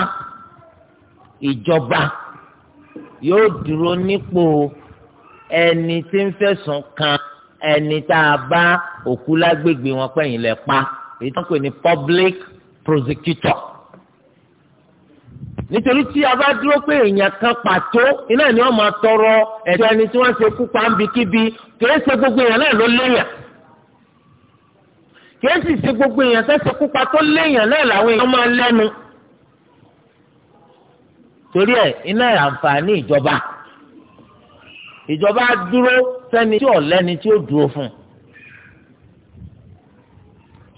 ìjọba yóò dúró nípò ẹni tí ń fẹ̀sùn kàn ẹni tá a bá òkú lágbègbè wọn pẹ̀yìn lẹ̀ pa èyí tó ń pè ní public prosecutor nítorí tí a bá dúró pé èèyàn kan pàtó iná ni wọn máa tọrọ ẹ̀tọ́ ẹni tí wọ́n ṣe kú pàǹbíkíbi kìí ṣe gbogbo èèyàn náà ló léèyàn kìí sì ṣe gbogbo èèyàn sẹ́sẹ̀ kópa tó léèyàn náà làwọn èèyàn máa lẹ́nu torí ẹ̀ iná àǹfààní ìjọba ìjọba dúró sẹ́ni tí ò lẹ́ni tí ó dúró fún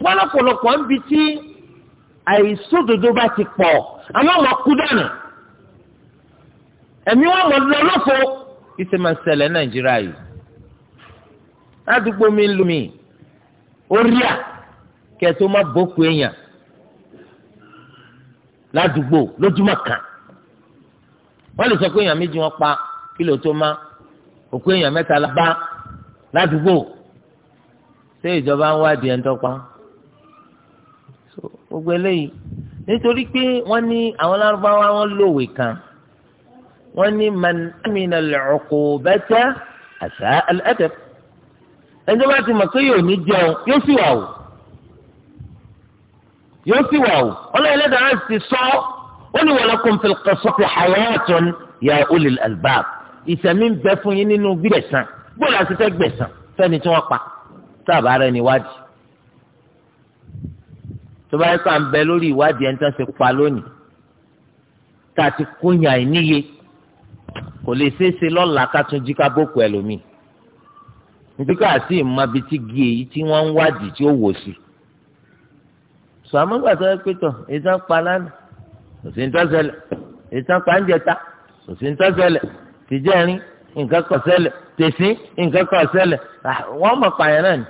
pọ́lọ́pọ̀lọpọ̀ ń bi tí àìsódodo bá ti pọ̀ àwọn ọmọ kú dànù ẹ̀mí wọn mọ̀ lọ́lọ́fọ̀ ìṣẹ̀mọ̀ṣẹ̀lẹ̀ Nàìjíríà yìí ládùúgbò mi ń lu mi orí à kẹtó má bókù èèyàn ládùúgbò lójúmọ́ kan wọ́n lè sọ pé èèyàn méjì wọ́n pa kílò tó má òkú èèyàn mẹ́ta la bá ládùúgbò ṣé ìjọba ń wádìí ẹni tọpa gbogbo eléyìí nítorí pé wọ́n ní àwọn lárúbáwá wọ́n lòwe kan wọ́n ní man amina al-uqubata asa'a ẹni tó bá ti mọ̀ pé yóò ní jẹun yóò sì wà o yóò sì wà o ọlọ́run ẹlẹ́dàá ti sọ ó ní walakum fil qasasi hayatun ya ulil albab ìsẹ̀mí ń bẹ fún yín nínú gbẹ̀sán bóòlù àti fẹ́ gbẹ̀sán fẹ́ni tí wọ́n pa sábà rẹ̀ níwádìí tó bá yẹ ká ń bẹ lórí ìwádìí ẹni tó ń ṣe pa lónìí tá a ti kúnyà níye kò lè ṣeé ṣe lọ́la ká tún jí ká bókù ẹlòmíì nítorí àti ìmọ̀bi tí gi èyí tí wọ́n ń wádìí tí ó wò sí. sọ àmọ́gbà tó yẹ pé tọ̀ ìtàn pa lánàá kò sí ń tọ́sẹ̀lẹ̀ ìtàn pa ń jẹta kò sí ń tọ́sẹ̀lẹ̀ tìjẹ́rin nǹkan kan ṣẹlẹ̀ tẹ̀sín nǹkan kan ṣẹlẹ̀ wọ́n mọ̀ pààyàn náà ni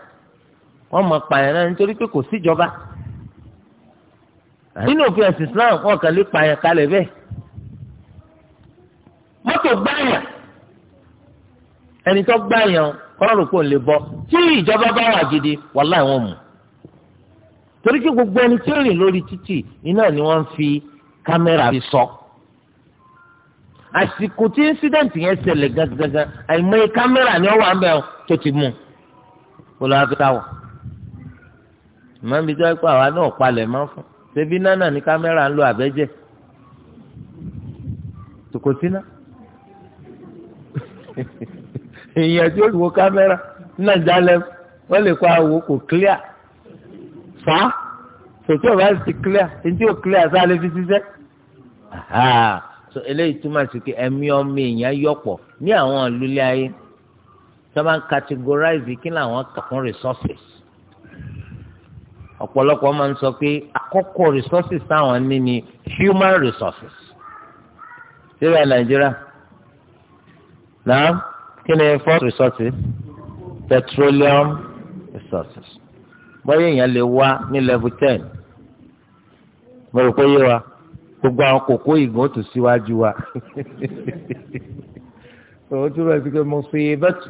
wọ́n mọ̀ pààyàn náà nítorí pé kò síjọba. nínú òfin ẹ̀sìn Islam wọn kàn lè pààyàn kalẹ̀ bẹ́ẹ̀ mọ́tò gbáyàn ẹni tó gbáyàn kọ́nà kò lè tí ìjọba bá gidi wàláì wọn mú torí kí gbogbo ẹni tí ó rìn lórí títì ni wọ́n fi kámẹ́rà fi sọ àsìkò tí incident yẹn ṣẹlẹ̀ gangan àìmọye kámẹ́rà ni ó wà ti mú jẹ́ pé àwa náà palẹ̀ máa fún nánà ní kámẹ́rà ń lo àbẹ́jẹ́ èèyàn tí ó wo kámẹ́rà náà jálẹ̀ wọ́n lè kọ́ àwò kò clear fa sòtú ọ̀bá ti clear etí ò clear sá lè fi ṣiṣẹ́. so eléyìí túmọ̀ sí pé ẹ̀mí ọmọ èèyàn yọ̀pọ̀ ní àwọn ìlúlé ayé tó máa ń categorize kí làwọn kàkún resources ọ̀pọ̀lọpọ̀ máa ń sọ pé àkọ́kọ́ resources táwọn ní ni human resources. síbẹ̀ nàìjíríà náà kí ni first resources petroleum resources bóyá èèyàn lè wá ní level ten mo rò pé yé wa gbogbo àwọn kòkó ìgbọ́n ó tún síwájú wa o tún bá ti ké mo fi bẹ́tù.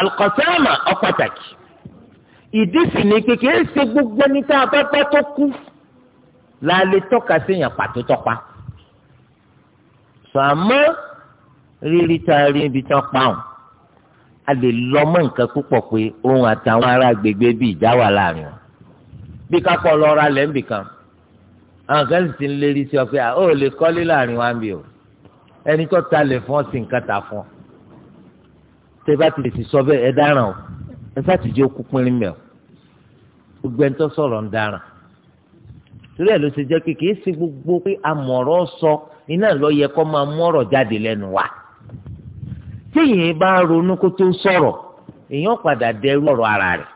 alukọ̀sáàmà ọ̀pàtàkì ìdí sì ni kékeré ṣe gbogbo ní tá a bá bá tó kú la lè tọ́ka sí èèyàn pàtó tọ́pa. sàmọ́ rírí tá a rí ibi tí wọ́n pa ọ́n a lè lọ mọ́ nǹkan púpọ̀ pé òun àtàwọn ará gbègbè bíi ìjà wà láàrin wọn bí kápọ̀ lọ ra lẹ́ńbì kan àwọn kan sì ti ń lérí sí ọ pé ó lè kọ́lé láàrin wa ń o ẹni tó ta lè fún ọ sí nǹkan tà fún ọ tẹ bá ti lè sì sọ bẹ́ẹ̀ ẹ dáràn o ẹ sátìjẹ́ okú pínrín mẹ́ọ̀ gbogbo ẹni tó sọ̀rọ̀ ń dáràn torí ẹ̀ ló ṣe jẹ́ pé kì gbogbo pé amọ̀rọ̀ sọ iná lọ yẹ kó máa mú ọ̀rọ̀ jáde lẹ́nu wa. téèyàn bá ronú kó tó sọ̀rọ̀ èèyàn padà dẹrú ọ̀rọ̀ ara rẹ̀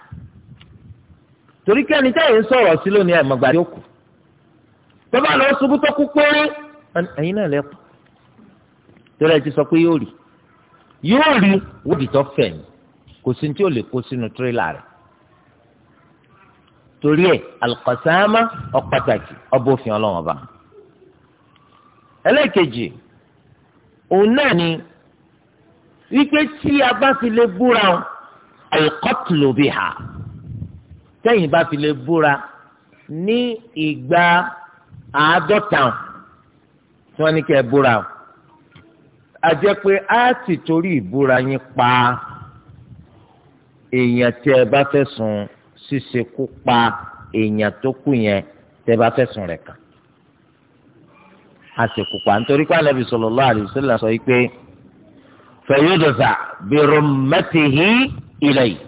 torí kẹ́ni táyà ń sọ̀rọ̀ sí lónìí àmọ́gbà yóò kù tọ́ba lọ ṣubú tó kú péré ẹ̀yin náà lẹ́kọ̀ọ́ torí ẹ ti sọ pé yóò rí yóò rí wọ́ọ̀dì tó fẹ̀ ní kò sí lè kó sínú tírélà rẹ̀ torí ẹ̀ alùpàsáàmà ọ̀pàtàkì wípé tí a bá fi lè búra o alqatlu biha tẹ́yìn bá fi lè búra ní ìgbà àádọ́ta tí wọ́n ní kẹ́ ẹ búra o a jẹ́ pé a ti torí ìbúra yín pa èèyàn tí ẹ bá fẹ̀sùn ṣíṣekú pa èèyàn tó kù yẹn tẹ́ bá fẹ̀sùn rẹ̀ kàn a sì kú pa nítorí pé Ànábì sallallahu alaihi wasallam sọ yìí pé fẹ̀yọ́dọ̀sà bẹ̀rọ̀mẹ́tìhì ilẹ̀ yìí.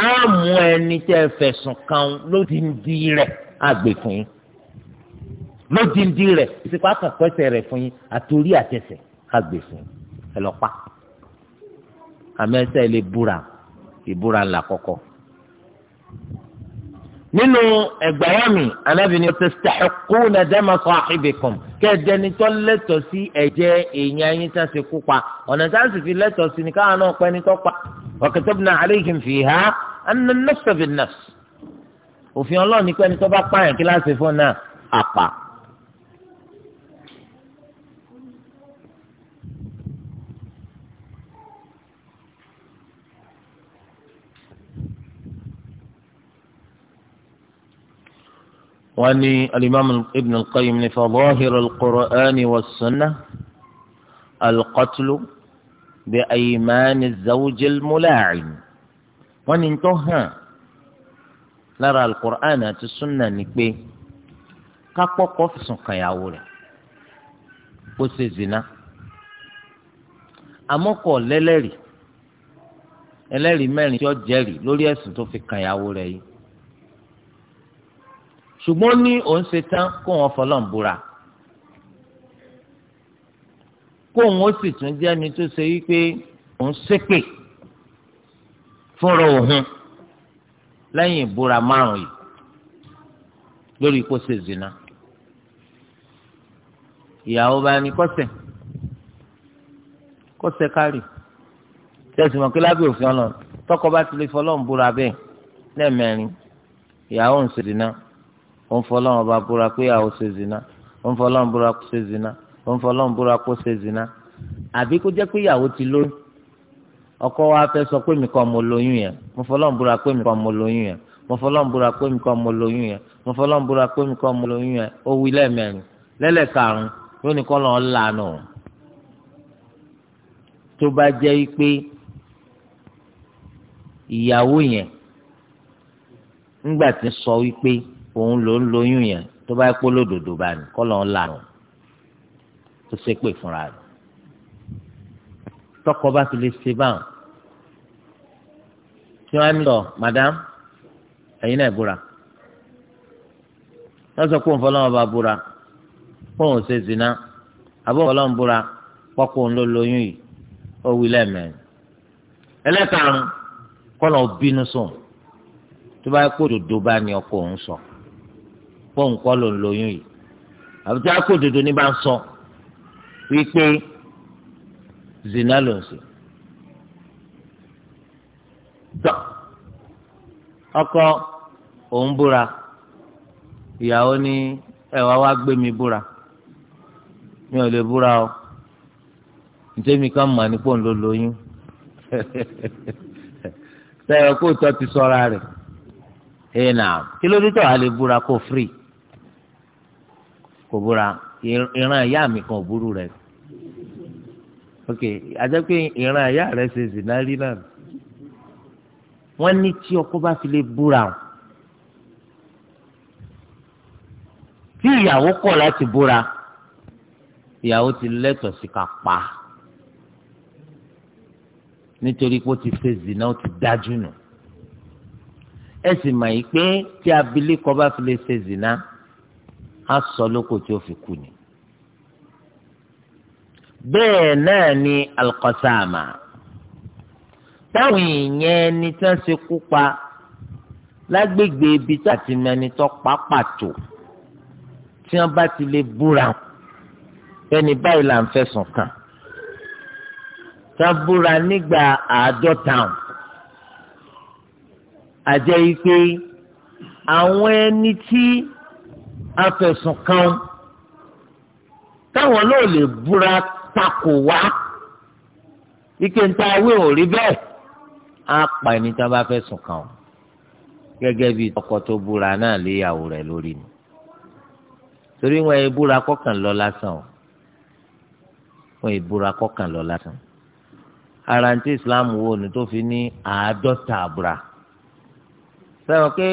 a mú ẹni tẹ́ ẹ fẹ̀sùn kan lódìndí rẹ̀ àgbè fún yín lódìndí rẹ̀ ìsìnkú akàkọ́sẹ̀ rẹ̀ fún yín àtòrí àtẹsẹ̀ àgbè fún yín ẹ lọ pa. àmẹ́sẹ̀ lè búra ìbúra ńlá kọ́kọ́ nínú ẹgbàáyàmì anábìíní tastahiqquna dama sahibikum kẹ́ẹ̀dẹ́ni tó lẹ́tọ̀ọ́ sí ẹ̀jẹ̀ èèyàn yín tá a ṣe kú pa ọ̀nà tá a sì fi lẹ́tọ̀ọ́ sí ni káwọn náà pẹ́ ni tó pa wa katabna alayhim fiha anna an-nafsa bin òfin ọlọ́ọ̀ni pẹ́ni tó bá pààyàn kí fún náà àpà وأني الإمام ابن القيم فظاهر القرآن والسنة القتل بأيمان الزوج الملاعن وأني انتهى lára alukur'an àti sunna ni pé kápọ́kọ́ fìsùn kàyàwó rẹ̀ kó ṣe zina àmọ́kọ̀ lẹ́lẹ́rìí ẹlẹ́rìí mẹ́rin tí ó jẹ́rìí lórí ẹ̀sùn tó fi kàyàwó rẹ̀ yìí ṣùgbọ́n ní òun ṣe tán kó wọn fọlọ́n búra kó wọn sì tún jẹ́ ẹni tó ṣe wípé òun ṣépè fúnra òun lẹ́yìn ìbúra márùn yìí lórí kó ṣe zina ìyàwó bá ní kọ́sẹ̀ kọ́sẹ̀ kárì tẹ̀sí mọ̀ kí lábẹ́ òfin ọ̀nà tọkọ bá ti lè fọlọ́n búra bẹ́ẹ̀ lẹ́ẹ̀mẹrin ìyàwó ń ṣe zina ó ń fọlọ́run bá búra pé àwọn ṣe zina ó ń fọlọ́run búra kó ṣe zina ó ń fọlọ́run búra kó ṣe zina àbí kó jẹ́ pé ìyàwó ti lóyún ọkọ wa fẹ́ sọ pé mi kàn mo lóyún yẹn mo fọlọ́run búra pé mi kàn mo lóyún yẹn mo fọlọ́run búra pé mi kàn mo lóyún yẹn mo fọlọ́run búra pé mi kàn mo lóyún yẹn ó wí lẹ́ẹ̀mẹ́rin lẹ́lẹ́karùn-ún yóò ní kọ́ lọ́ọ́ lànà tó bá jẹ́ pé ìyàwó yẹn ńgbà tí sọ wípé. So òun ló ń lóyún yẹn tó bá pọ́ lódòdó bá ní kọ́lọ́ ń lànà tó ṣépè fúnra rẹ̀ tọkọ bá fi lè ṣe báwọn tí wọ́n á nílò madam ẹ̀yin náà búra wọ́n sọ pé òun fọlọ́wọ́n bá búra fóun ò ṣe zina àbúrò fọlọ́wọ́n búra pọ́kọ́ òun ló lóyún yìí ó wí lẹ́ẹ̀mẹ́rin ẹlẹ́karùn-ún kọ́lọ́ bínú sùn tó bá pọ́ lódòdó bá ní òun sọ. So. fóun kọ́ ló ń lóyún yìí àbí tí dodo ní bá ń sọ wípé zina ló ń sè ọkọ òun búra ìyàwó ní ẹwà wá gbé mi búra mi ò lè búra o ntẹ́mi kan mà ní pọ́ùn lo lóyún sẹ́yìn ọkọ̀ ti sọ́ra rẹ̀ ẹ̀ nà kí ló dé tọ́ àlè búra kó firi. kò búra ìran ìyá mi kan ò burú rẹ̀ ok àti pé ìran ìyá rẹ̀ ṣe zìnnà rí náà wọ́n ní tí ọkọ bá fi lè búra o tí ìyàwó kọ̀ láti búra ìyàwó ti lẹ́tọ̀ọ́ sí ká pa nítorí pé ó ti ṣe zìnnà ó ti dájú nù ẹ sì mọ̀ yìí pé tí abilékọ bá fi lè ṣe zìnnà á sọ lóko tí ó fi kú ni. bẹ́ẹ̀ náà ni alkọ́sàmà táwọn èèyàn ẹni tí wọ́n ṣe kú pa lágbègbè ibi tí àti mẹni tó tí wọ́n bá ti lè búra ẹni báyìí là ń fẹ̀sùn kàn tá a búra nígbà àádọ́ta àjẹ́ yìí pé àwọn ẹni tí afẹ̀sùn kan táwọn náà lè búra takò wá ike níta awé ò rí bẹ́ẹ̀ á pa ẹni tí wọ́n bá fẹ̀sùn kan o gẹ́gẹ́ bíi ọkọ tó búra náà léyàwó rẹ̀ lórí ni torí wọn ìbúra kọkàn lọ lásán o wọn ìbúra kọkàn lọ lásán ara ní ti Islam wo ni tó fi ní àádọ́ta àbúra sẹ́wọ̀n pé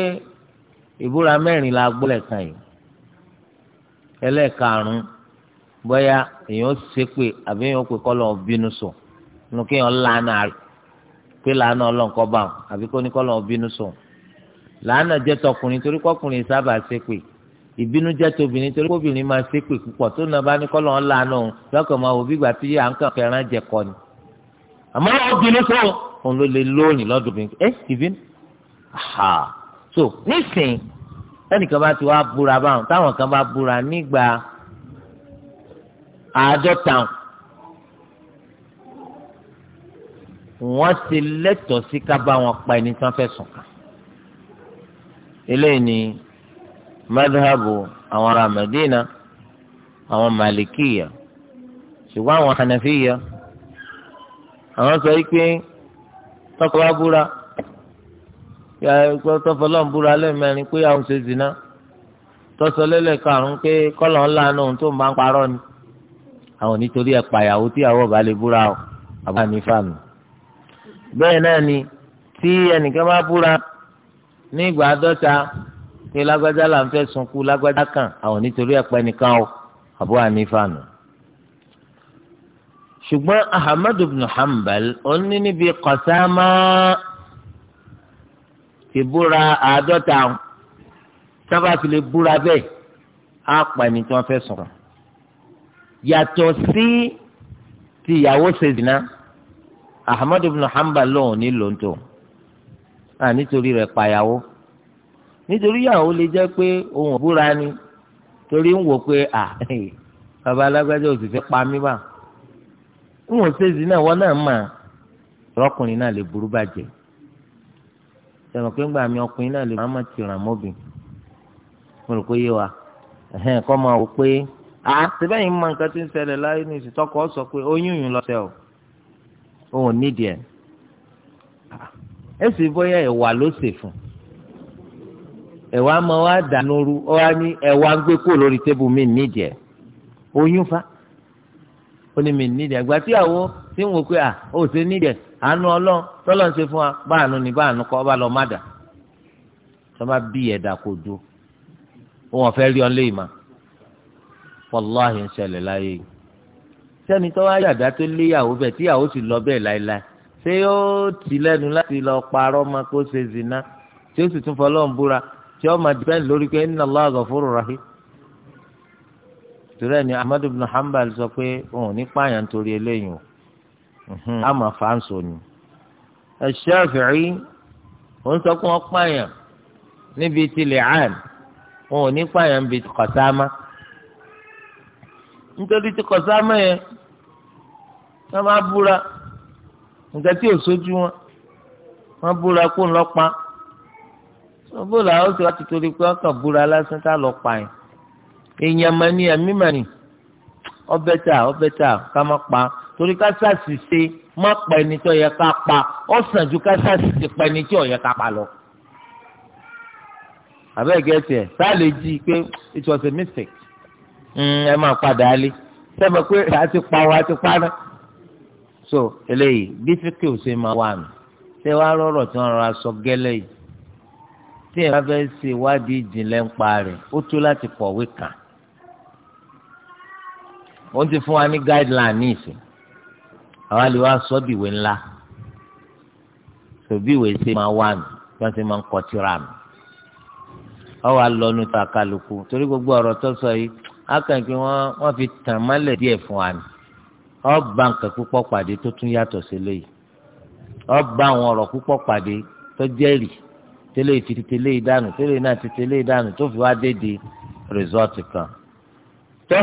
ìbúra mẹ́rin la gbọ́lẹ̀ kan yìí ẹlẹ́ẹ̀karùn-ún bóyá èèyàn ṣépè àbí èèyàn pè kọ́ lọ́wọ́ bínú sùn nínú kéèyàn lánà rẹ̀ pé lánà ọlọ́nkọ́ bá wọn àbí kó ní kọ́ lọ́wọ́ bínú sùn lánà jẹ́ tọkùnrin torí kọ́kùnrin sábà ṣépè ìbínú jẹ́ tobìnrin torí kóbìnrin máa ṣépè púpọ̀ tó náà bá ní kọ́ lọ́wọ́ lánà òun lọ́kàn máa wò bígbà tí à ń kàn fẹ́ràn jẹ kọ́ ni àmọ́ ọ bínú sùn tẹnìkan bá ti wá búra báwọn táwọn kan bá búra nígbà àádọ́ta wọ́n ti lẹ́tọ̀ọ́ sí ká bá wọn pa ẹni tí fẹ́ sùn kàn eléyìí ni madhabu àwọn ará Madina àwọn malikiya ṣùgbọ́n àwọn hanafiya àwọn sọ wípé tọkọ bá búra tọ́fọlọ́n búra lẹ́mẹ̀rin pé àwọn ṣe zina tọ́sọ lélẹ̀ karùn-ún pé kọ́lọ̀ ńlá náà tó máa ń parọ́ ni àwọn nítorí ẹ̀pà ìyàwó tí àwọn ọba lè búra ọ àbúrò ní fàmì. bẹ́ẹ̀ náà ni tí ẹnìkan bá búra ní ìgbà àádọ́ta pé lágbájá là ń fẹ́ sunkú lágbájá kan àwọn nítorí ẹ̀pà ẹnìkan ọ àbúrò ní fàmì. ṣùgbọ́n Ahmad bin Hanbal ó ní níbi Qasama ìbúra àádọ́ta ọ̀hún sábà fi lè búra bẹ́ẹ̀ á pa ẹni tí wọ́n fẹ́ sọ̀rọ̀ yàtọ̀ sí ti ìyàwó ṣèdínà Ahmad ibn Hanbal lòun ní lòńtò à nítorí rẹ̀ pàyàwó nítorí ìyàwó lè jẹ́ pé òun búra ni torí ń wò pé à bàbá alágbájá ò sì fẹ́ pa mí bá ń wò ṣèdínà wọn náà mà rọkùnrin náà lè burú bàjẹ́ sẹ́mi pé ńgbà mi ọkùnrin náà lè máa ti ràn mo rò pé yé wa ẹ̀hẹ́n kọ́ máa wò a síbẹ̀ yìí mọ nǹkan tí ń ṣẹlẹ̀ láyé ní sọ pé oyún yìí lọ́sẹ̀ o òun nídìí ẹ̀ ẹ sì bóyá ẹ̀wà ló sè fún ẹ̀wà máa wá ọ ní ẹ̀wà gbé mi nídìí ẹ̀ oyún fa ó ní mi nídìí ẹ̀ gbà tí anụ ọlọ tọlọ ń ṣe fún wa báànú ni báànú kọ́ ọba lọ má dà tọ́ba bí ẹ̀dá kò dúró wọn fẹ́ rí ọ léyìí ma wàláhì ń láyé yìí tó wá àdá tó léyàwó sì lọ bẹ́ẹ̀ láéláé ṣé ó ti láti lọ ma ó sì tún búra lórí pé tùrẹ́ àmọ́ fáńsọ ni Ṣáfi'í òun sọ pé wọ́n pààyàn níbi tí lẹ́hàn wọn ò ní pààyàn níbi tí kọ̀sámá nítorí tí kọ̀sámá yẹn wọ́n máa búra nǹkan tí ò sójú wọn wọ́n búra kó ń lọ pa wọ́n búra ó ti wá ti pé wọ́n kàn búra lásán tá lọ pa yẹn èèyàn mọ ní ẹ̀mí mọ̀ ní ọbẹ̀ tà ọbẹ̀ tà ká má pa á torí ká ṣàṣìṣe má pa ẹni tí ó yẹ ká pa ó sàn ju ká ṣàṣìṣe pa ẹni tí ó yẹ ká pa lọ. àbẹ́ẹ̀gẹ́ tiẹ̀ sáà jí pé it was a mistake mm, ẹ máa padà lé sẹ́mi pé a ti pa ọ́ a ti pa ná. so eléyìí difficult. fíkì ò ṣe máa wà mí ṣé wàá rọrọ̀ tí wọ́n rọra sọ gẹ́lẹ́ yìí tí ẹ̀ bá fẹ́ ṣe ìwádìí ìjìnlẹ̀ ń pa rẹ̀ ó tó láti kọ̀wé kàn. wọ́n ti fún wa ní guideline ní ìsìn àwa lè wá sọ bìwé ńlá tòbíwé ṣe máa wà nù bí wọ́n ṣe máa ń kọ tírà nù ọwọ́ alọ́nu ta kálukú torí gbogbo ọ̀rọ̀ tó sọ yìí akànkì wọn wọ́n fi tàn mọ́lẹ̀ díẹ̀ fún wa ni ọba nǹkan púpọ̀ pàdé tó tún yàtọ̀ sí léyìí ọba àwọn ọ̀rọ̀ púpọ̀ pàdé tó jẹ́rì tẹ́lẹ̀ fi tẹ́lẹ̀ ìdánù tẹ́lẹ̀ náà ti tẹ́lẹ̀ ìdánù tó fi wá dédé rìsọ́ọ̀tì kan tó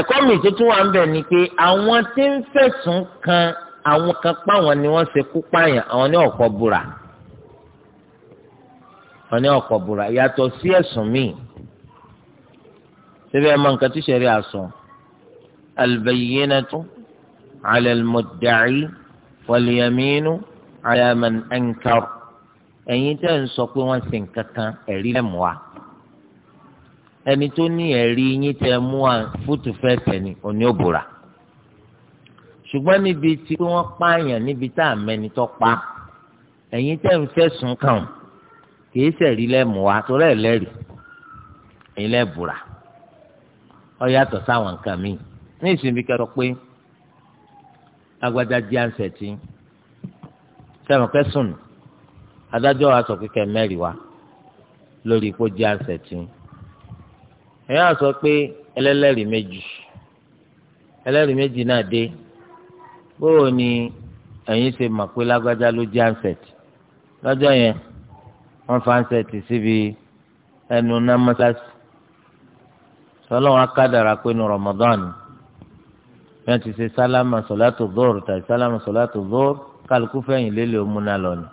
ẹ̀kọ́ mi tó tún wà ń bẹ̀ ni pé àwọn tí ń fẹ̀sùn kan àwọn kan páwọn ni wọ́n ṣekú pààyàn àwọn ní ọ̀pọ̀ búra àwọn ní ọ̀pọ̀ búra yàtọ̀ sí ẹ̀sùn míì síbi ẹ̀ mọ nǹkan tí sẹ́rí àsọ albayyinatu ala almudda'i walyaminu ẹ̀yin tẹ́ ń sọ pé wọ́n ṣe nǹkan kan ẹ̀rí lẹ́mùá ẹni tó ní ẹ̀rí yín tẹ mú à fútu fẹ́ tẹ̀lé òní òbúra ṣùgbọ́n níbi tí wọ́n pààyàn níbi tá a mẹ́ni tó pa ẹ̀yin tẹ̀ ń fẹ̀sùn kàn kìí sẹ̀rí lẹ́mú wa torí ẹ̀ lẹ́rìí ẹ̀yin lẹ́bùrà ọ yàtọ̀ sáwọn nǹkan míì ní ìsinmi kẹtọ pé agbada di ansẹ̀tì sẹ́wọ̀n kẹsùn adájọ́ wa sọ pé kẹ mẹ́rìí wa lórí ipò di ansẹ̀tì ẹ yà sọ pé ẹlẹ́lẹ́rìí méjì ẹlẹ́rìí méjì náà dé bóò ni ẹ̀yin ṣe mọ̀ pé lágbájá ló jẹ́ ansẹ̀t lọ́jọ́ yẹn wọ́n fa ansẹ̀t síbi ẹnu náà mọ́sáàsì sọlọ́wọ́n akádàrà pé nu Ramadan wọ́n ti ṣe sálámà sọ̀látò dọ́ọ̀rù tàbí sálámà sọ̀látò dọ́ọ̀rù kálukú fẹ̀yìn lélẹ̀ òmùnà lọ́nà.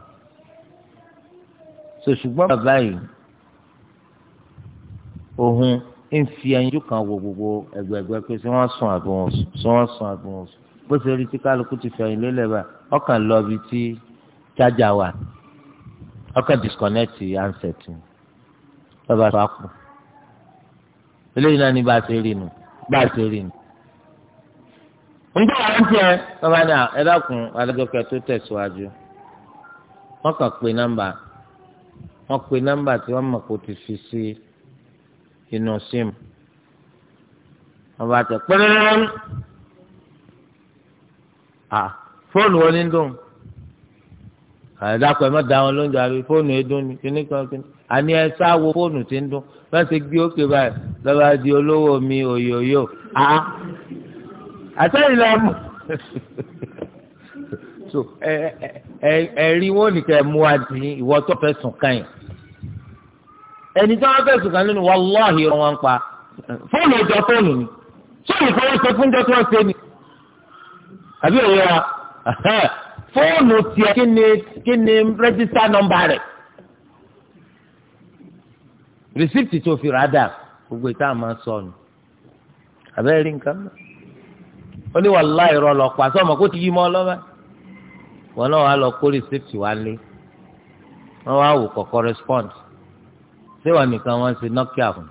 sòṣùgbọ́n bàbá yìí òhun. So, ń fi ẹyinjú kan wo gbogbo ẹgbẹgbẹ pé ṣé wọ́n sùn àbí wọ́n sùn ṣé wọ́n sùn àbí wọ́n sùn bó ṣe rí tí kálukú ti fẹ̀yìn lélẹ̀ bá ọkàn lọ bí tí chájà wà ọkàn disconnect handset ni lọ́ba tó a kù eléyìí náà ní bá a ṣe rí nu bá a ṣe rí nu. ǹjẹ́ àwọn ń tiẹ̀ lọ́ba ní ẹ dákun tó tẹ̀síwájú wọ́n kàn pé nọ́mbà wọ́n pé nọ́mbà tí wọ́n mọ̀ kó ti fi sí i inú sim ọba tẹ pẹrẹrẹrẹ à fóònù onídùn àdàpọ̀ ẹ̀ má da wọn lóúnjẹ àbí fóònù ẹ̀dùn ni kíní kan kíní àní ẹ sá wo fóònù tí ń dún bẹ́ẹ̀ ṣe gbé òkè báyìí lọ́ba di olówó mi òyòyò à àtẹ̀yìn lọ mú ẹ̀rí wọn nìkan mú wa dín ìwọ tó fẹ́ sùn káyìn. ẹni tí wọ́n fẹ̀sùn kàn nínú wàláhì rọ wọn pa fóònù ọjọ́ fóònù ni fóònù fọwọ́ ṣe fún jẹ́ tí wọ́n ṣe ni àbí òye wa fóònù tiẹ̀ kí ni kí ni rẹ́jísítà nọ́mbà rẹ̀ rìsíptì tó fi rà dà gbogbo ìta máa sọ nù àbẹ́ rí nǹkan náà ó ní wàláhì rọ lọ pa sọ́mọ kó ti yí mọ́ lọ́wọ́ wọn náà wà lọ kó rìsíptì wá lé wọn wá wò kọ́ correspond síwá nìkan wọ́n ṣe nọ́kíà fún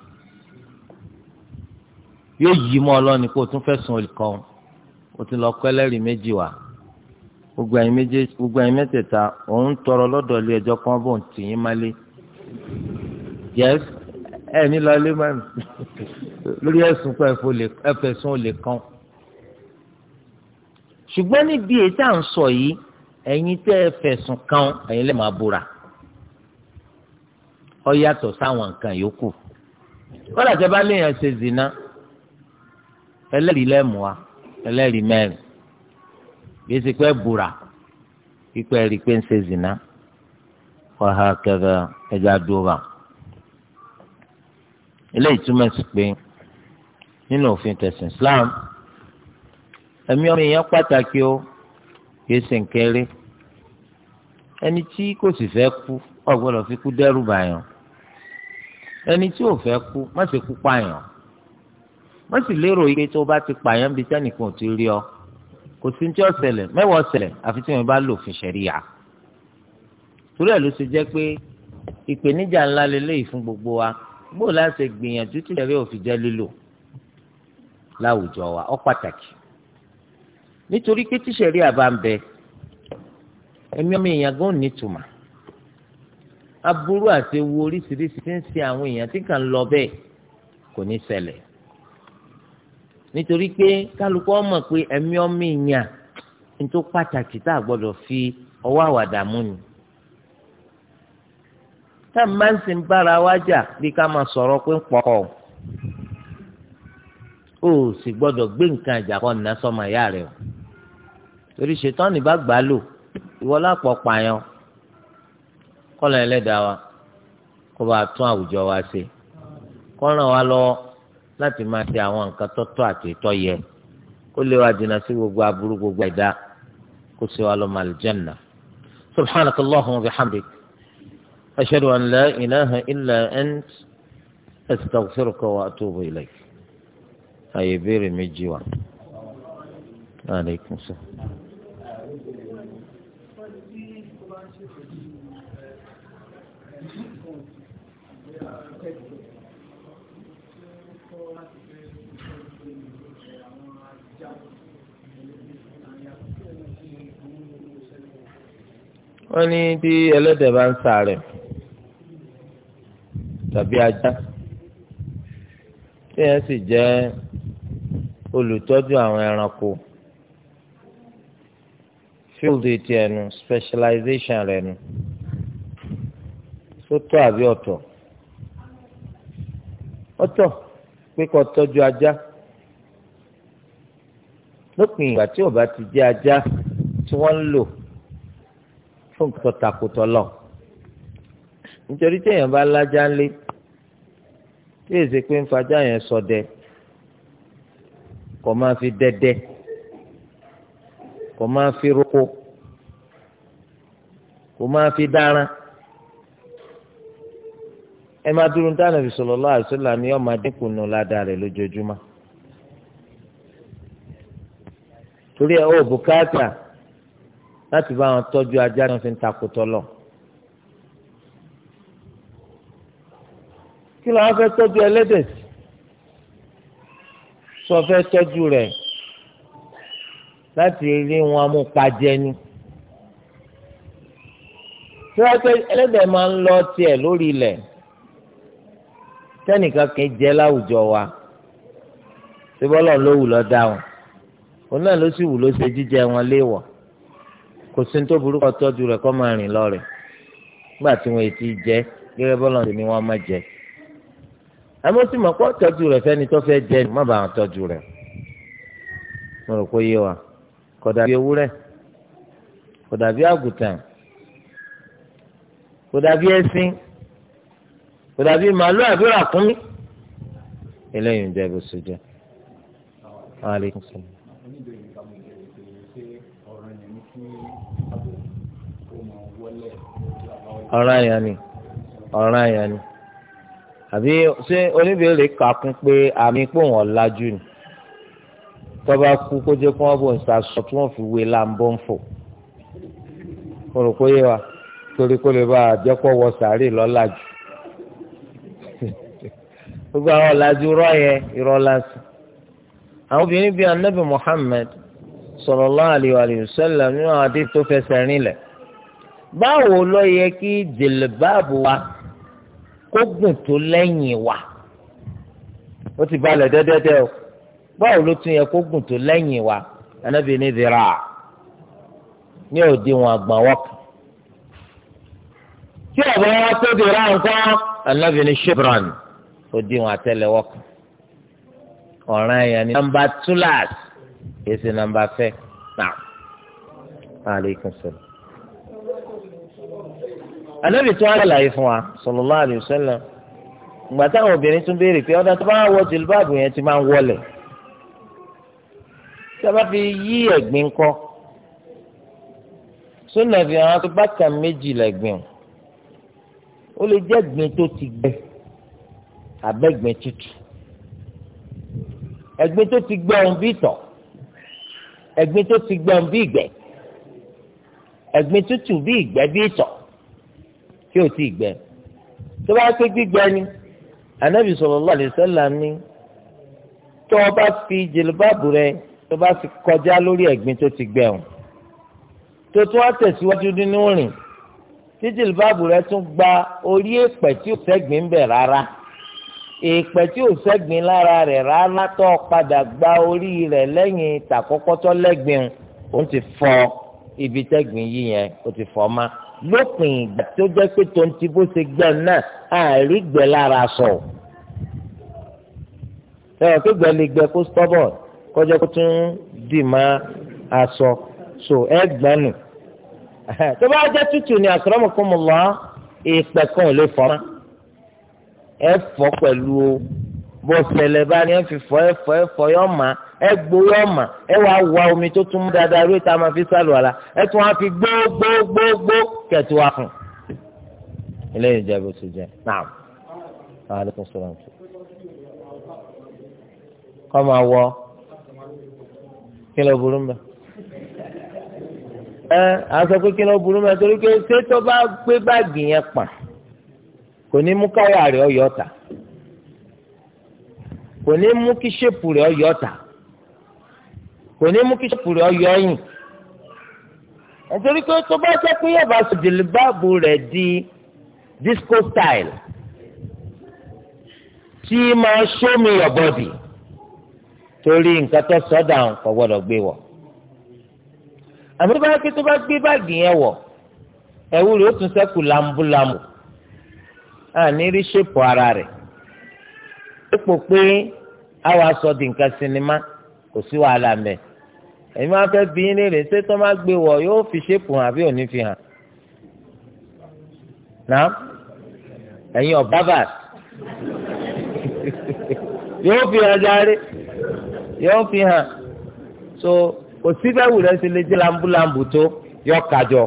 yóò yí mọ́ ọlọ́ni kó o tún fẹ́ sun olùkọ́ o ti lọ kọ́ ẹlẹ́rìí méjì wá gbogbo ẹ̀yin mẹ́tẹ̀ẹ̀ta òun tọrọ lọ́dọ̀ ilé ẹjọ́ kan bò ń tì yín málé yes ẹ̀mí lọ ilé mọ́ni lórí ẹ̀sùn pé ẹ̀fẹ̀sùn olè kan ṣùgbọ́n níbi èyí tá à ń sọ yìí ẹ̀yin tẹ́ ẹ kan ẹ̀yin lè máa búra ọ yàtọ̀ sáwọn nǹkan yòókù kọ́dà tẹ́ bá léèyàn ṣe zina ẹlẹ́rìí lẹ́mú wa ẹlẹ́rìí mẹ́rin gbèsè pé bùrà pípẹ́ rí pé ń ṣe zina wàhà kẹfẹ ẹja dúró eléyìí túmọ̀ sí pé nínú òfin tẹ̀sán Islam ẹ̀mí ọmọ èèyàn pàtàkì ó kìí ṣe nkẹ́rẹ́ ẹni tí kò sì fẹ́ kú ò gbọ́dọ̀ fi kú dẹ́rù bàyàn ẹni tí ò fẹ́ kú má sì kú pààyàn má sì lérò yìí pé tó bá ti pààyàn bíi tẹ́nìkan ò ti rí ọ kò sí ní tí ó ṣẹlẹ̀ mẹ́wàá ṣẹlẹ̀ àfi tí wọ́n bá lò fún ṣẹ̀ríyà torí ẹ̀ ló ṣe jẹ́ pé ìpèníjà ńlá lélẹ́yìí fún gbogbo wa bó o láṣẹ gbìyànjú tí ìṣẹ̀rí òfin jẹ́ lílò láwùjọ wa ó pàtàkì nítorí pé tíṣẹ̀rí àbá ń bẹ ẹ̀mí ọmọ èèyàn gan nítumà aburú àti ewu oríṣiríṣi ti ń ṣe àwọn èèyàn tí kàn ń lọ bẹ́ẹ̀ kò ní ṣẹlẹ̀ nítorí pé kálukú ọmọ pé ẹ̀mí ọmọ èèyàn ní tó pàtàkì tá a gbọ́dọ̀ fi ọwọ́ àwàdà mú ni tá a máa ń sin bára wa jà bí ká máa sọ̀rọ̀ pé ń pọ̀ ọ́ ó sì gbọ́dọ̀ gbé nǹkan ìjà kan ná ìyá rẹ̀ o torí ṣètọ́ni bá gbà á lò ìwọ lápọ̀ pààyàn kọ́lọ̀ ẹlẹ́dàá wa kó bá tún àwùjọ wa ṣe kó ràn wá lọ́wọ́ láti máa ṣe àwọn nǹkan tọ́tọ́ àti ìtọ́ yẹ kó lè wa dènà sí gbogbo aburú gbogbo ẹ̀dá kó ṣe wa lọ́mọ àlùjànnà. سبحانك اللهم وبحمدك أشهد أن لا إله إلا أنت أستغفرك وأتوب إليك أي بير مجيوا عليكم السلام wọ́n ní bí ẹlẹ́dẹ̀ bá ń sàárẹ̀ tàbí ajá tí yẹn sì jẹ́ olùtọ́jú àwọn ẹranko fíldì ti ẹnu specialization rẹ nu sótọ́ àbí ọ̀tọ̀ ọ̀tọ̀ pé kó tọ́jú ajá lópin ìgbà tí ó bá ti jẹ́ ajá tí wọ́n ń lò fún nǹkan takòtò lọ nítorí téèyàn bá lájà ńlé tí èsì pé ń fajá yẹn ṣọdẹ kò máa fi dẹdẹ kò máa fi roko kò máa fi dára ẹ máa dúró dáná bí sallallahu alaihi wasallam ni ọmọ adínkù nù ládàá rẹ lójoojúmọ́ torí ẹ ó bùkátà láti bá wọn tọ́jú ajá tí wọ́n fi ń takùtọ̀ lọ. kí ló wá fẹ́ tọ́jú ẹlẹ́dẹ̀ sí sọ fẹ́ tọ́jú rẹ̀ láti rí wọn mú pajẹ ni. tí wọ́n fẹ́ ẹlẹ́dẹ̀ máa ń lọ tiẹ̀ lórí ilẹ̀ tẹ́nìkan kì í jẹ́ láwùjọ wa síbọ́lọ́ ló wù lọ́ọ́ wọn òun náà ló sì wù ló ṣe jíjẹ wọn léèwọ̀ kò sí tó burúkọ tọ́jú rẹ̀ kọ́ máa rìn lọ rẹ̀ nígbà tí wọ́n ti jẹ gẹ́gẹ́ bọ́lá ni wọ́n máa jẹ àmọ́ sì mọ̀ pé tọ́jú rẹ̀ fẹ́ni tó fẹ́ jẹ má bàa tọ́jú rẹ̀ mo rò pé yé wa kò dàbí ewúrẹ́ kò dàbí àgùntàn kò dàbí ẹṣin kò dàbí màálù àbí ràkúnmí eléyìí ń jẹ bó ṣe jẹ. Aleykum salaam. ọ̀ràn yẹn ni ọ̀ràn yẹn ni àbí ṣé oníbèrè kàkún pé àmì pòun ọ̀làjú ni tọ́ba kú kó jẹ́ kó wọ́n bò ń sàṣọ tí wọ́n fi wé láǹbọ̀ ń fò mo rò pé yé wa torí kó lè bá àjẹpọ̀ wọ sàárè lọ́làjú gbogbo àwọn ọ̀làjú rọ́ yẹn irọ́ lásán àwọn obìnrin bíi anabi Muhammad sallallahu alaihi wa sallam nínú àwọn àdéhùn tó fẹsẹ̀ rìn lẹ̀ báwo ló yẹ kí jìlìbáàbù wa kó gùn tó lẹ́yìn wa ó ti balẹ̀ dẹ́dẹ́dẹ́ o báwo ló tún yẹ kó gùn tó lẹ́yìn wa ẹnẹ́bí ní dira ní òdiwọ̀n àgbọ̀n wọ́pọ̀ tí ọ̀bọ̀ wa tó dira nǹkan ẹnẹ́bí ní shibran òdiwọ̀n àtẹlẹ̀ wọ́pọ̀ ọ̀ràn ẹ̀yàn ní nàmbà túláàsì èsì nàmbà fẹ́ nà. Aleykum salaam ànábì tó àlàyé fún wa sallallahu alaihi wasallam ìgbà táwọn obìnrin tún béèrè pé ọ̀dà tó bá wọ jìlbáàbù yẹn ti máa ń wọlẹ̀ tí a bá fi yí ẹ̀gbin kọ́ sónà fi hàn pé bàtà méjì lẹ́gbin ó lè jẹ́ gbin tó ti gbẹ àbẹ́gbin tútù ẹ̀gbin tó ti gbẹ ohun bí ìtọ̀ ẹ̀gbin tó ti gbẹ ohun bí ìgbẹ́ ẹ̀gbin tútù bí ìgbẹ́ bí ìtọ̀ tí ò tí ì gbẹ tó bá pé gbígbẹ ni anabi sallallahu alaihi wasallam ni tó o bá fi jìlbáàbù rẹ tó bá fi kọjá lórí ẹ̀gbin tó ti gbẹ ọ̀hún tó tún á tẹ̀síwájú nínú rìn tí jìlbáàbù rẹ tún gba orí èèpẹ̀ tí ò sẹ́gbìn bẹ̀ rárá èèpẹ̀ tí ò sẹ́gbìn lára rẹ̀ rárá tó padà gba orí rẹ̀ lẹ́yìn tàkọ́kọ́ tó lẹ́gbìn òun ti fọ ibi tẹ́gbìn yìí yẹn ó ti fọ́ máa lópin ìgbà tó jẹ́ pé tonti bó ṣe gbẹ́ náà àárí gbẹ́ lára sọ. ẹ̀rọ tó gbẹ́ lè gbẹ́ kó stọ́bọ̀ kọjá kó tún dì má aṣọ so ẹ gbẹ́ nù. tó bá jẹ́ tútù ni akramakumullah ìpẹ̀kùn ò lè fọ́ mọ́ ẹ fọ́ pẹ̀lú o bó ṣẹlẹ̀ bá ní ẹ fi fọ ẹ fọ ẹ fọ yọ mà ẹ gbó yọ mà ẹ wá wá omi tó tún mú dáadáa rí ta máa fi sálù àlà ẹ tún wá fi gbó gbó gbó gbó kẹtù wá fún. eléyìí jẹ bó ṣe jẹ naam aleykum salaam tu. kọ́ máa wọ kí burú mbẹ. ẹ à sọ pé kí burú mbẹ torí pé ṣé tó bá gbé báàgì yẹn pa kò ní mú káyà rẹ̀ ọ̀yọ́ ta kò ní mú kí ṣépù rẹ̀ ọyọ ọ̀tà kò ní mú kí ṣépù rẹ̀ ọyọ ọyìn nítorí pé tó bá jẹ́ pé yóò bá báàbù rẹ̀ di disco style tí máa show me your body torí nǹkan tó sọ́dà kò gbọ́dọ̀ gbé wọ̀ àmì bá kí tó bá gbé báàgì yẹn wọ̀ ẹ̀wù rẹ̀ ó tún sẹ́kù làǹbùlàǹbù àní rí ṣépù ara rẹ̀ ipò pé àwọn aṣọ di nǹkan sinimá kò sí wàhálà mẹ èyí máa fẹ́ bí yín léèrè ṣé tó máa gbé wọ̀ yóò fi ṣépù hàn àbí òní fi hàn náà ẹ̀yin ọ̀bá bàt yóò fi hàn járe yóò fi hàn so kò síbẹ̀ wù rẹ̀ ṣe lè jẹ́ lambúlambù tó yọ kájọ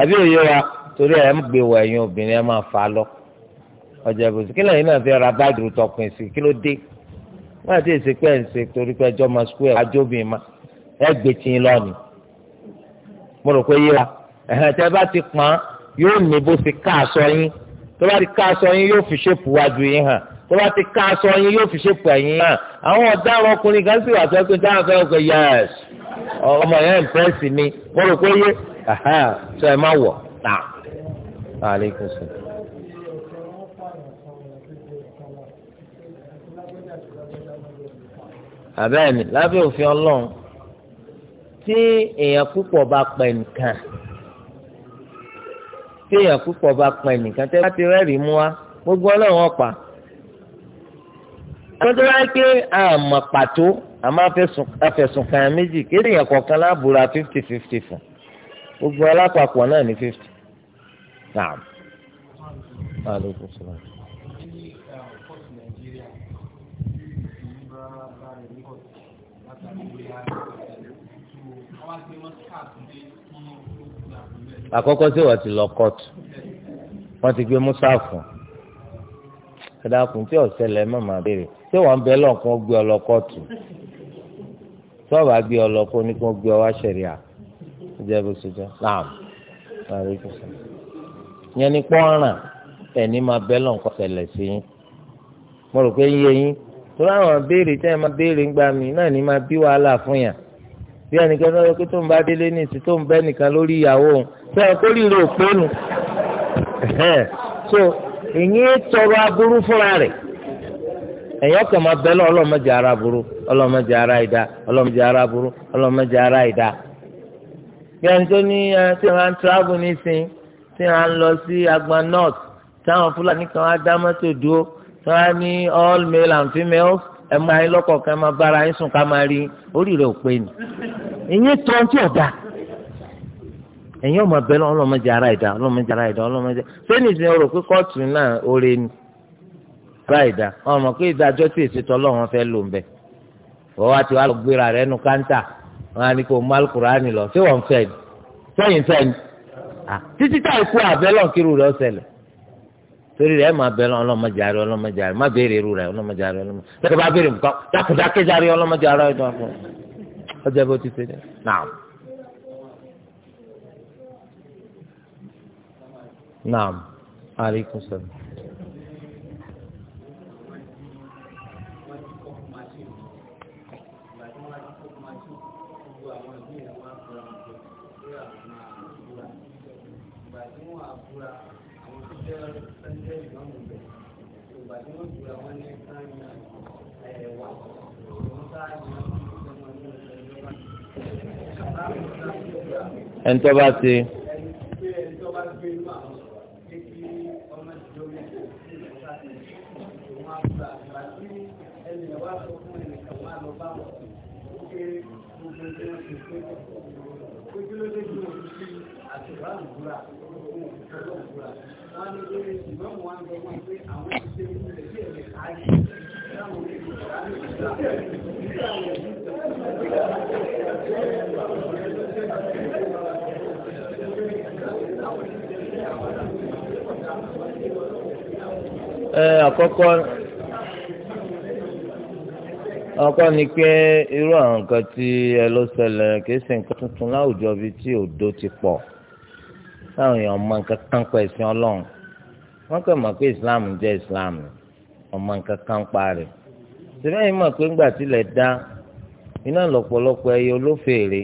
àbí òye wa torí ẹ̀ ń gbé wọ̀ ẹ̀yin obìnrin ẹ̀ máa fà lọ ọjà ìbòsí kí lẹ́yìn náà fi ra báàgì tọkùn sí kí ló dé wọ́n àti èsì pẹ́ ń ṣe torí pé ẹjọ́ máa sukú ẹ̀ ajóbìn ma ẹ gbé tìyín lọ́ọ̀nì mo rò pé yíra ẹ̀hẹ́n tẹ́ bá ti pọ́n yóò ní bó ti ká aṣọ yín tó bá ti ká aṣọ yín yóò fi ṣépù wájú yín hàn tó bá ti ká aṣọ yín yóò fi ṣépù ẹ̀yìn hàn àwọn ọ̀daràn ọkùnrin kan sì wà sọ pé táwọn fẹ́ ọkọ yẹs ọmọ yẹn ìpẹ́sì mi mo rò pé yé ẹ̀hẹ́n sọ ẹ má wọ̀ náà. àbẹ́ẹ̀ni lábẹ́ òfin ọlọ́run tí èèyàn púpọ̀ bá pẹ̀ nìkan tí èèyàn púpọ̀ bá pẹ̀ nìkan tẹ́ bá ti rẹ́rìí mú wa gbogbo ọlọ́run ọ̀pá. àwọn tó bá ké àmọ̀ pàtó àmọ́ afẹ̀sùn kan méjì kéde èèyàn kọ̀ọ̀kan lábùra fifty fifty fún gbogbo alápapọ̀ náà ní fifty. naam. Aleykum salaam. àkọ́kọ́ sí wọ́n ti lọ kóòtù wọ́n ti gbé musa fún ẹ̀dàkùn tí ọ̀sẹ̀lẹ̀ má máa béèrè tí wọ́n bẹ lọ́kàn gbé ọ lọ kóòtù tí wọ́n bá gbé ọ lọ kó ní kó gbé ọ wá ṣẹ̀ríà ìjẹ́ bó ṣe jẹ́ naam yẹn ni pọ́nrán ẹni máa bẹ lọ́kàn ṣẹlẹ̀ sí yín mo rò pé yín yẹ yín tó láwọn béèrè tẹ́ ẹ máa béèrè ńgbà mí náà ní máa bí wàhálà fún yàn bí ẹnìkan náà yọ tó ń bá délé ní ìsìn tó ń bẹ́ nìkan lórí ìyàwó òun sẹ́yìn kó lílo òpónù so ìyín tọrọ aburú fúnra rẹ̀ ẹ̀yọ́ kàn máa bẹ́ lọ ọlọ́mọdé ara burú ọlọ́mọdé ara ìdá ọlọ́mọdé ara burú ọlọ́mọdé ara ìdá bí ẹni tó ní ẹ tí wọn ń travel nísìn tí wọn á ń lọ sí agba north táwọn fúlàní kan á dá mọ́tò dúró tí wọn ní all male and female? ẹ máa yín lọ́kọ̀ kan máa bára yín sùn ká máa rí orí rẹ̀ ò pé ni ìyẹn tọ́ tí ọ̀dà ẹ̀yin ọmọ bẹ́ẹ̀ lọ ọlọ́mọdé ara ìdá ọlọ́mọdé ara ìdá ọlọ́mọdé sẹ́ni ìsìn ọ̀rọ̀ pé kóòtù náà oore ni ara ìdá ọmọ pé ìdájọ́ tí èsì tọ́lọ́ wọn fẹ́ lò ń bẹ̀ wọ́n wá ti wá lọ gbéra rẹ̀ nu káńtà wọn á ní kó má Kùránì lọ ṣé wọ́n fẹ́ ni sẹ́yìn fẹ́ ni títí táì kú àbẹ́lọ̀ kírù rẹ̀ ọ̀sẹ̀lẹ̀ torí rẹ máa bẹ ọlọmọdé àrẹ ọlọmọdé àrẹ má béèrè irú rẹ ọlọmọdé àrẹ ọlọmọdé tẹkẹ bá béèrè nǹkan dákúdáké járe ọlọmọdé àrẹ ọjọ àpò ọjọ bó ti ṣe dé naam naam aleykum salaam. Thank you. ẹni tó bá ṣe. Thank you. àkọ́kọ́ àkọ́kọ́ ni pé irú àwọn nǹkan tí ẹ ló ṣẹlẹ̀ kìí ṣe nǹkan tuntun láwùjọ bíi tí òdo ti pọ̀ táwọn èèyàn mọ nǹkan kan pa ẹ̀sìn ọlọ́run wọ́n kàn mọ̀ pé islam jẹ́ islam ọmọ nǹkan kan pa rẹ̀ síbẹ̀ yìí mọ̀ pé ńgbà tilẹ̀ dá iná lọ́pọ̀lọpọ̀ ẹyẹ olófèèrè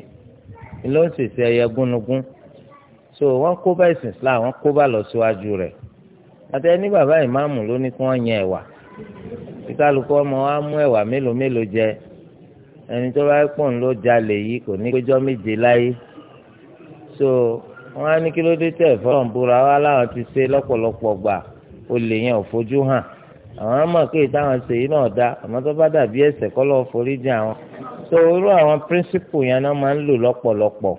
ló ń ṣèṣe ẹyẹ gúnugún so wọ́n kó bá ẹ̀sìn islam wọ́n kó bá lọ síwájú rẹ̀ àtẹni bàbá ìmáàmù ló ní kí wọ́n yan ẹ̀wà kí kálukú ọmọ wa mú ẹ̀wà mélòó mélòó jẹ ẹni tó bá pọ̀ ń lọ jalè yìí kò ní péjọ́ méje láyé so wọ́n á ní kí ló dé tẹ̀ fọ́ọ̀n búra wa láwọn ti ṣe lọ́pọ̀lọpọ̀ gbà olè yẹn ò fojú hàn àwọn mọ̀ pé táwọn ṣe yìí náà dá àmọ́ tó bá dàbí ẹ̀ṣẹ̀ kọ́ lọ́ọ́ forí jìn àwọn so irú àwọn píríncípù yẹn náà máa ń lò lọ́pọ̀lọpọ̀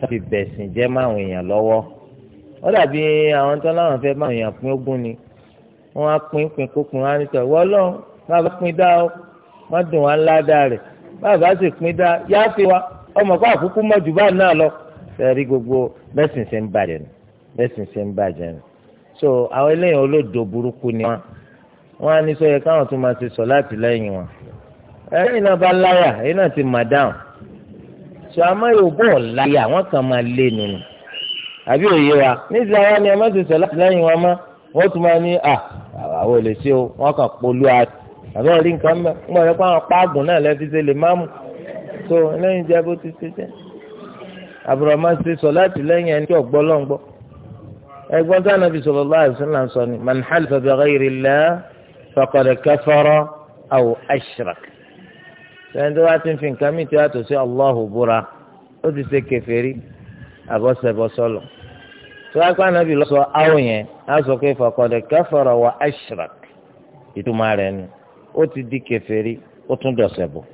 láti bẹ̀sìn jẹ́ máwọn èèyàn lọ́wọ́ ó dàbí àwọn tó láwọn fẹ́ bá èèyàn pín ogún ni wọ́n á pín pín kókun á ní sọ ìwọ ọlọ́run bàbá pín dá ọ má dùn wá ńlá dá rẹ̀ bàbá sì pín dá yááfi wa ọmọ kó àkúkú mọ́ jù bá náà lọ sẹ́rí gbogbo bẹ́sìn ṣe ń bàjẹ́ nù bẹ́sìn ṣe ń bàjẹ́ nù so àwọn eléyìí olódò burúkú ni wọn wọn á ní sọ yẹ káwọn tó máa ti sọ láti lẹ́yìn wọn ẹ̀yìn náà bá láyà ẹ̀yìn náà ti mà dáhùn so àmọ́ yóò bọ̀ láyà wọ́n kàn máa lé nínú àbí òye wa níṣẹ́ àwọn ni ẹ má ti sọ̀lá lẹ́yìn wọn mọ́ wọ́n tún máa ní à àwọn ò lè ṣe o wọ́n kàn polú àti àbí ọ̀rí nǹkan mẹ́ ń gbọ́dọ̀ pé àwọn páàgùn náà lẹ́fi ṣe lè máàmù tó lẹ́yìn jẹ́ bó ti ṣe jẹ́ àbúrò máa ṣe sọ láti lẹ́yìn ẹni tí ọ̀gbọ́ lọ́n gbọ́ ẹgbọ́n tí Ànábì sallallahu alaihi wasallam sọ ni man halifa bi ghayri Allah faqad kafara aw ashrak sẹ́yìn tó wá ti fi nǹkan mìíràn tó yàtọ̀ sí ṣe àbọ̀sẹ̀bọ̀sọ̀lọ̀ tó wá pa nàbì lọ́sọ áwò yẹn á sọ pé fọkọ̀dẹ̀ kẹfọ̀rọ̀ wà ashrak ìtumọ̀ rẹ̀ ni ó ti di kèfèrí ó tún dọ̀sẹ̀ bọ̀.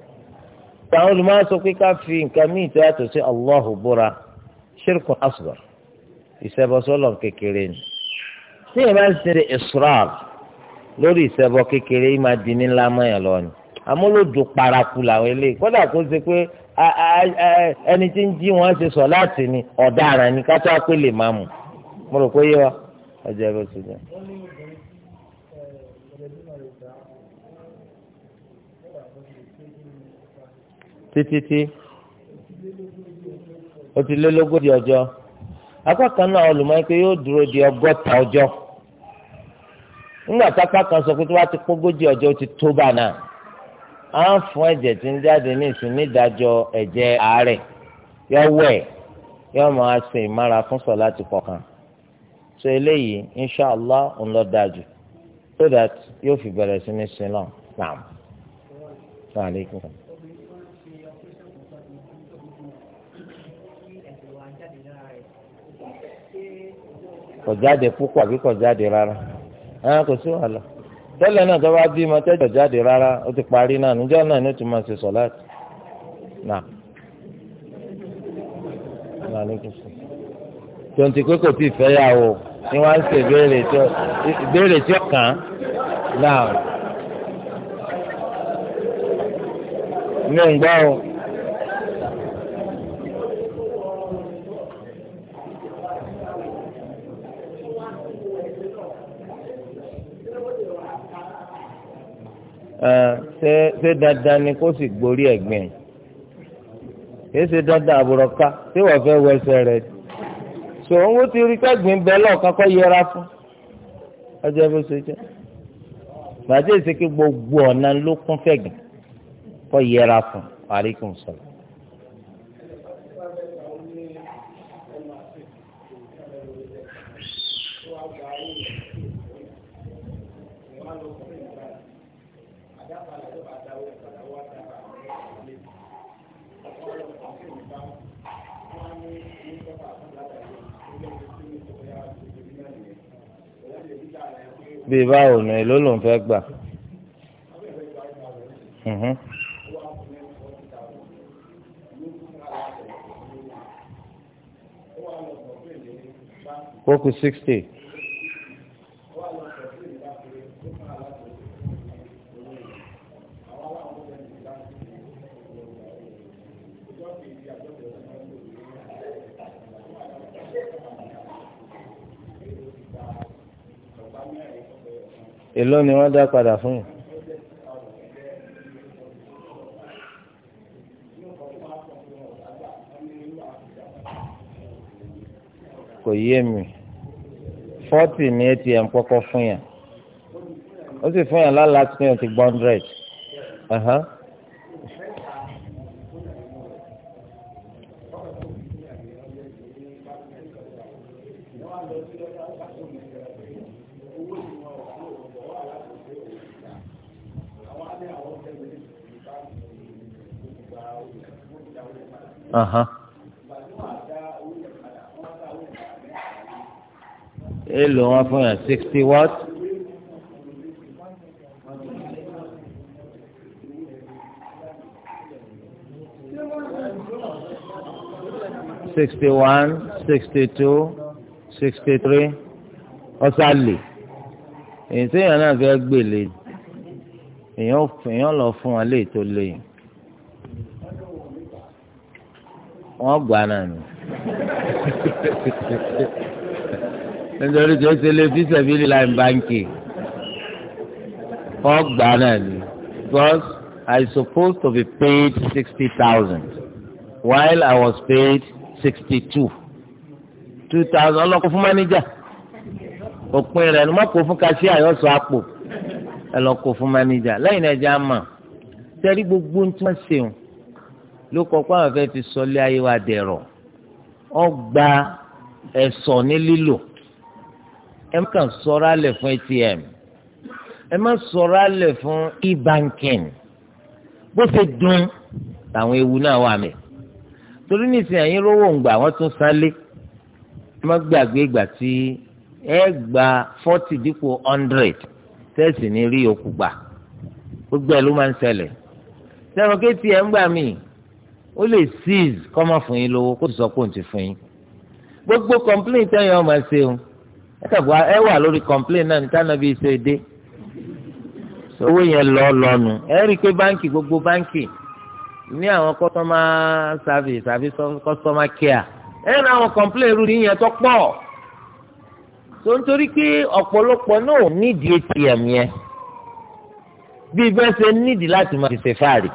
àwọn olùmọ̀ọ́ sọ pé ká fi nǹkan míì tó yàtọ̀ sí Allahu búra ṣírkù asghar ìṣẹ̀bọ̀sọ̀lọ̀ kékeré ni tí yẹn bá ń ṣe israr lórí ìṣẹ̀bọ̀ kékeré yìí máa di ní ńlá mọ́yàn lọ ni àmúlòdù paraku làwọn eléyìí kódà kó ṣe pé ẹni tí ń jí wọn ṣe sọ láti ni ọ̀daràn ni kátó àpè lè máa mú mo rò pé yé wa ọjọ́ ẹ̀rọ ti jẹ. títí tí ó ti lé lógójì ọjọ́ náà pé yóò dúró di ọgọ́ta ọjọ́ nígbà tápá kan sọ pé tó bá ti ọjọ́ ó ti à ń fún ẹ̀jẹ̀ tí ń jáde ní ìsìn nídàájọ́ ẹ̀jẹ̀ àárẹ̀ yọ wẹ̀ yọ máa ṣe ìmára fún sọ láti kọ̀ọ̀kan so eléyìí inṣàlá ń lọ dájú so that yóò fi bẹ̀rẹ̀ sí ní sin náà naam aleykum. kò jáde púpọ̀ àbí kò jáde rárá ẹ̀ kò sí wàhálà tẹ́lẹ̀ náà tọ́ba bí ma tẹ́jọ́ jáde rárá ó ti parí náà níjọ́ náà ni ó ti máa ṣe sọ̀láàtì náà tonti pé kò tí ì fẹ́yàwó ni wọ́n ń ṣe ìbéèrè tí ó kàn án náà mi ò ṣé dada ni kó sì gborí ẹ̀gbìn kìí ṣe dandan àbùrọ̀ká tí wọ́n fẹ́ wọ ẹsẹ̀ rẹ̀ tó owó ti rí kẹ́gbìn bẹ́ẹ̀ lọ́ọ̀kan kọ́ yẹra fún ọjọ́ bó ṣe jẹ́ gbàdé ìṣèké gbogbo ọ̀nà ló kún fẹ́gbìn bíi báwo nù èló ló ń fẹ́ gbà. kókù mhm. sixty. èló ni wọ́n dá padà fún yìí. kò yé mi fọ́tì ní atm kọ́kọ́ fún yàn ó sì fún yàn lálàá tí wọ́n ti gbọ́ èlò wọn fún yàn sixty watt. sixty one sixty two sixty three ọ̀sálì èyí tí èèyàn náà fẹ́ gbèlè èèyàn lọ fún wọn léètò léyìn. wọ́n gbà náà ni nítorí tí ó ṣe lè fi sẹ́bílì láì báńkì wọ́n gbà náà ni because I supposed to be paid sixty thousand while I was paid sixty two two thousand ọlọ́kọ̀ fún mánéjà òpin rẹ̀ ni wọ́n kó fún kásíà yóò sọ àpò ẹ̀ lọ́kọ̀ fún mánéjà lẹ́yìn náà ẹ̀ jẹ́ àmà sẹ́rí gbogbo ń tí ṣe wọn ló kọ pé àwọn fẹ́ fi sọlé ayé wa dẹ̀rọ̀ ọ gba ẹ̀sọ̀ ní lílò ẹ má kàn sọ̀rọ̀ alẹ̀ fún atm ẹ má sọ̀rọ̀ alẹ̀ fún e-banking bó ṣe dùn làwọn ewu náà wà mí torí nísìnyí àyín rówó ǹgbà wọn tún sálé ẹ má gbàgbé ìgbà tí ẹ gba forty dípò hundred tẹ́sì ní rí okùgbà gbogbo ẹ̀ ló máa ń ṣẹlẹ̀ sẹ́wọ̀n kí atm gbà míì ó lè seize kọ́ máa fún yín lówó kó sì sọ pé òun ti fún yín gbogbo complain tẹ́yìn ọmọ ẹ̀ ṣeun ẹ̀kẹ́bù ẹ wà lórí complain náà ní tánàbí ṣe dé owó yẹn lọ lọ́nu ẹ rí i pé báńkì gbogbo báńkì ní àwọn customer service àbí customer care ẹ ní àwọn complain rú yín yẹn tó pọ̀ tó ń torí pé ọ̀pọ̀lọpọ̀ náà nídìí ATM yẹn bí bẹ́ẹ̀ ṣe nídìí láti máa ṣe fáàrí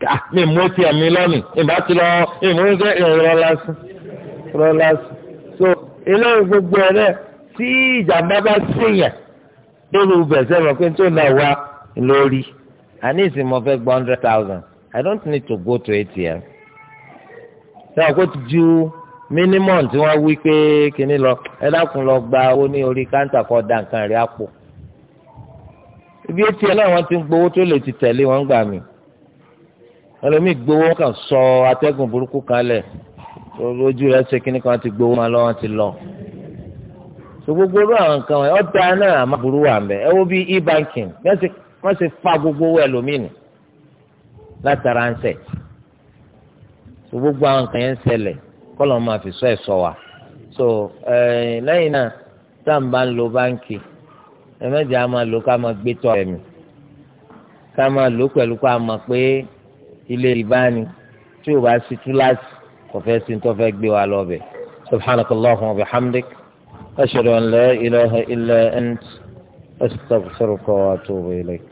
ká ah, mi mú ti ẹ̀mí lọ́nìí ìbá ti lọ ìmúṣẹ́ ìrọ̀ lásán ìrọ̀ lásán so eléyìí gbogbo ẹ̀ náà tí ìjàmbá bá ṣèyàn lórí ubẹ̀ sẹ́wọ̀n pé tó náà wá lórí àní ìsìn mo fẹ́ gba hundred thousand I don't need to go to ATM sẹ́wọ̀n kó ti ju minimum tí wọ́n wí pé kíní lọ ẹ dákun lọ gba owó ní orí káńtà kọ́ da nǹkan rí àpò ibi ATM náà wọ́n ti ń gbowó tó lè ti tẹ̀lé wọn gbà mí ẹlòmíì gbowó kan sọ atẹ́gùn burúkú kalẹ̀ ojú rẹ̀ ṣe kíní kan ti gbowó máa lọ́wọ́ ti lọ. so gbogbo irú àwọn nǹkan wọn ọ̀dà náà àmà burú wà mẹ́ ẹ wo bí e-banking wọ́n ṣe fa gbogbo owó ẹlòmíì nì látara ń sẹ̀ so gbogbo àwọn nǹkan yẹn ń ṣẹlẹ̀ kọ́lọ̀ máa fi sọ ẹ̀ sọ wa so lẹ́yìn náà tá à ń bá ń lo báńkì ẹ̀mẹ́jẹ̀ á máa lo ká máa gbé tọ́ ẹ̀mí ká máa lo pẹ̀lú ká máa pé ilé ìbáni tí o bá sí túláàsì kò fẹ́ sí tó fẹ́ gbé wa lọ bẹ̀ subhanaka allahumma wa bihamdik ashhadu an la ilaha illa ant astaghfiruka wa atubu ilayk.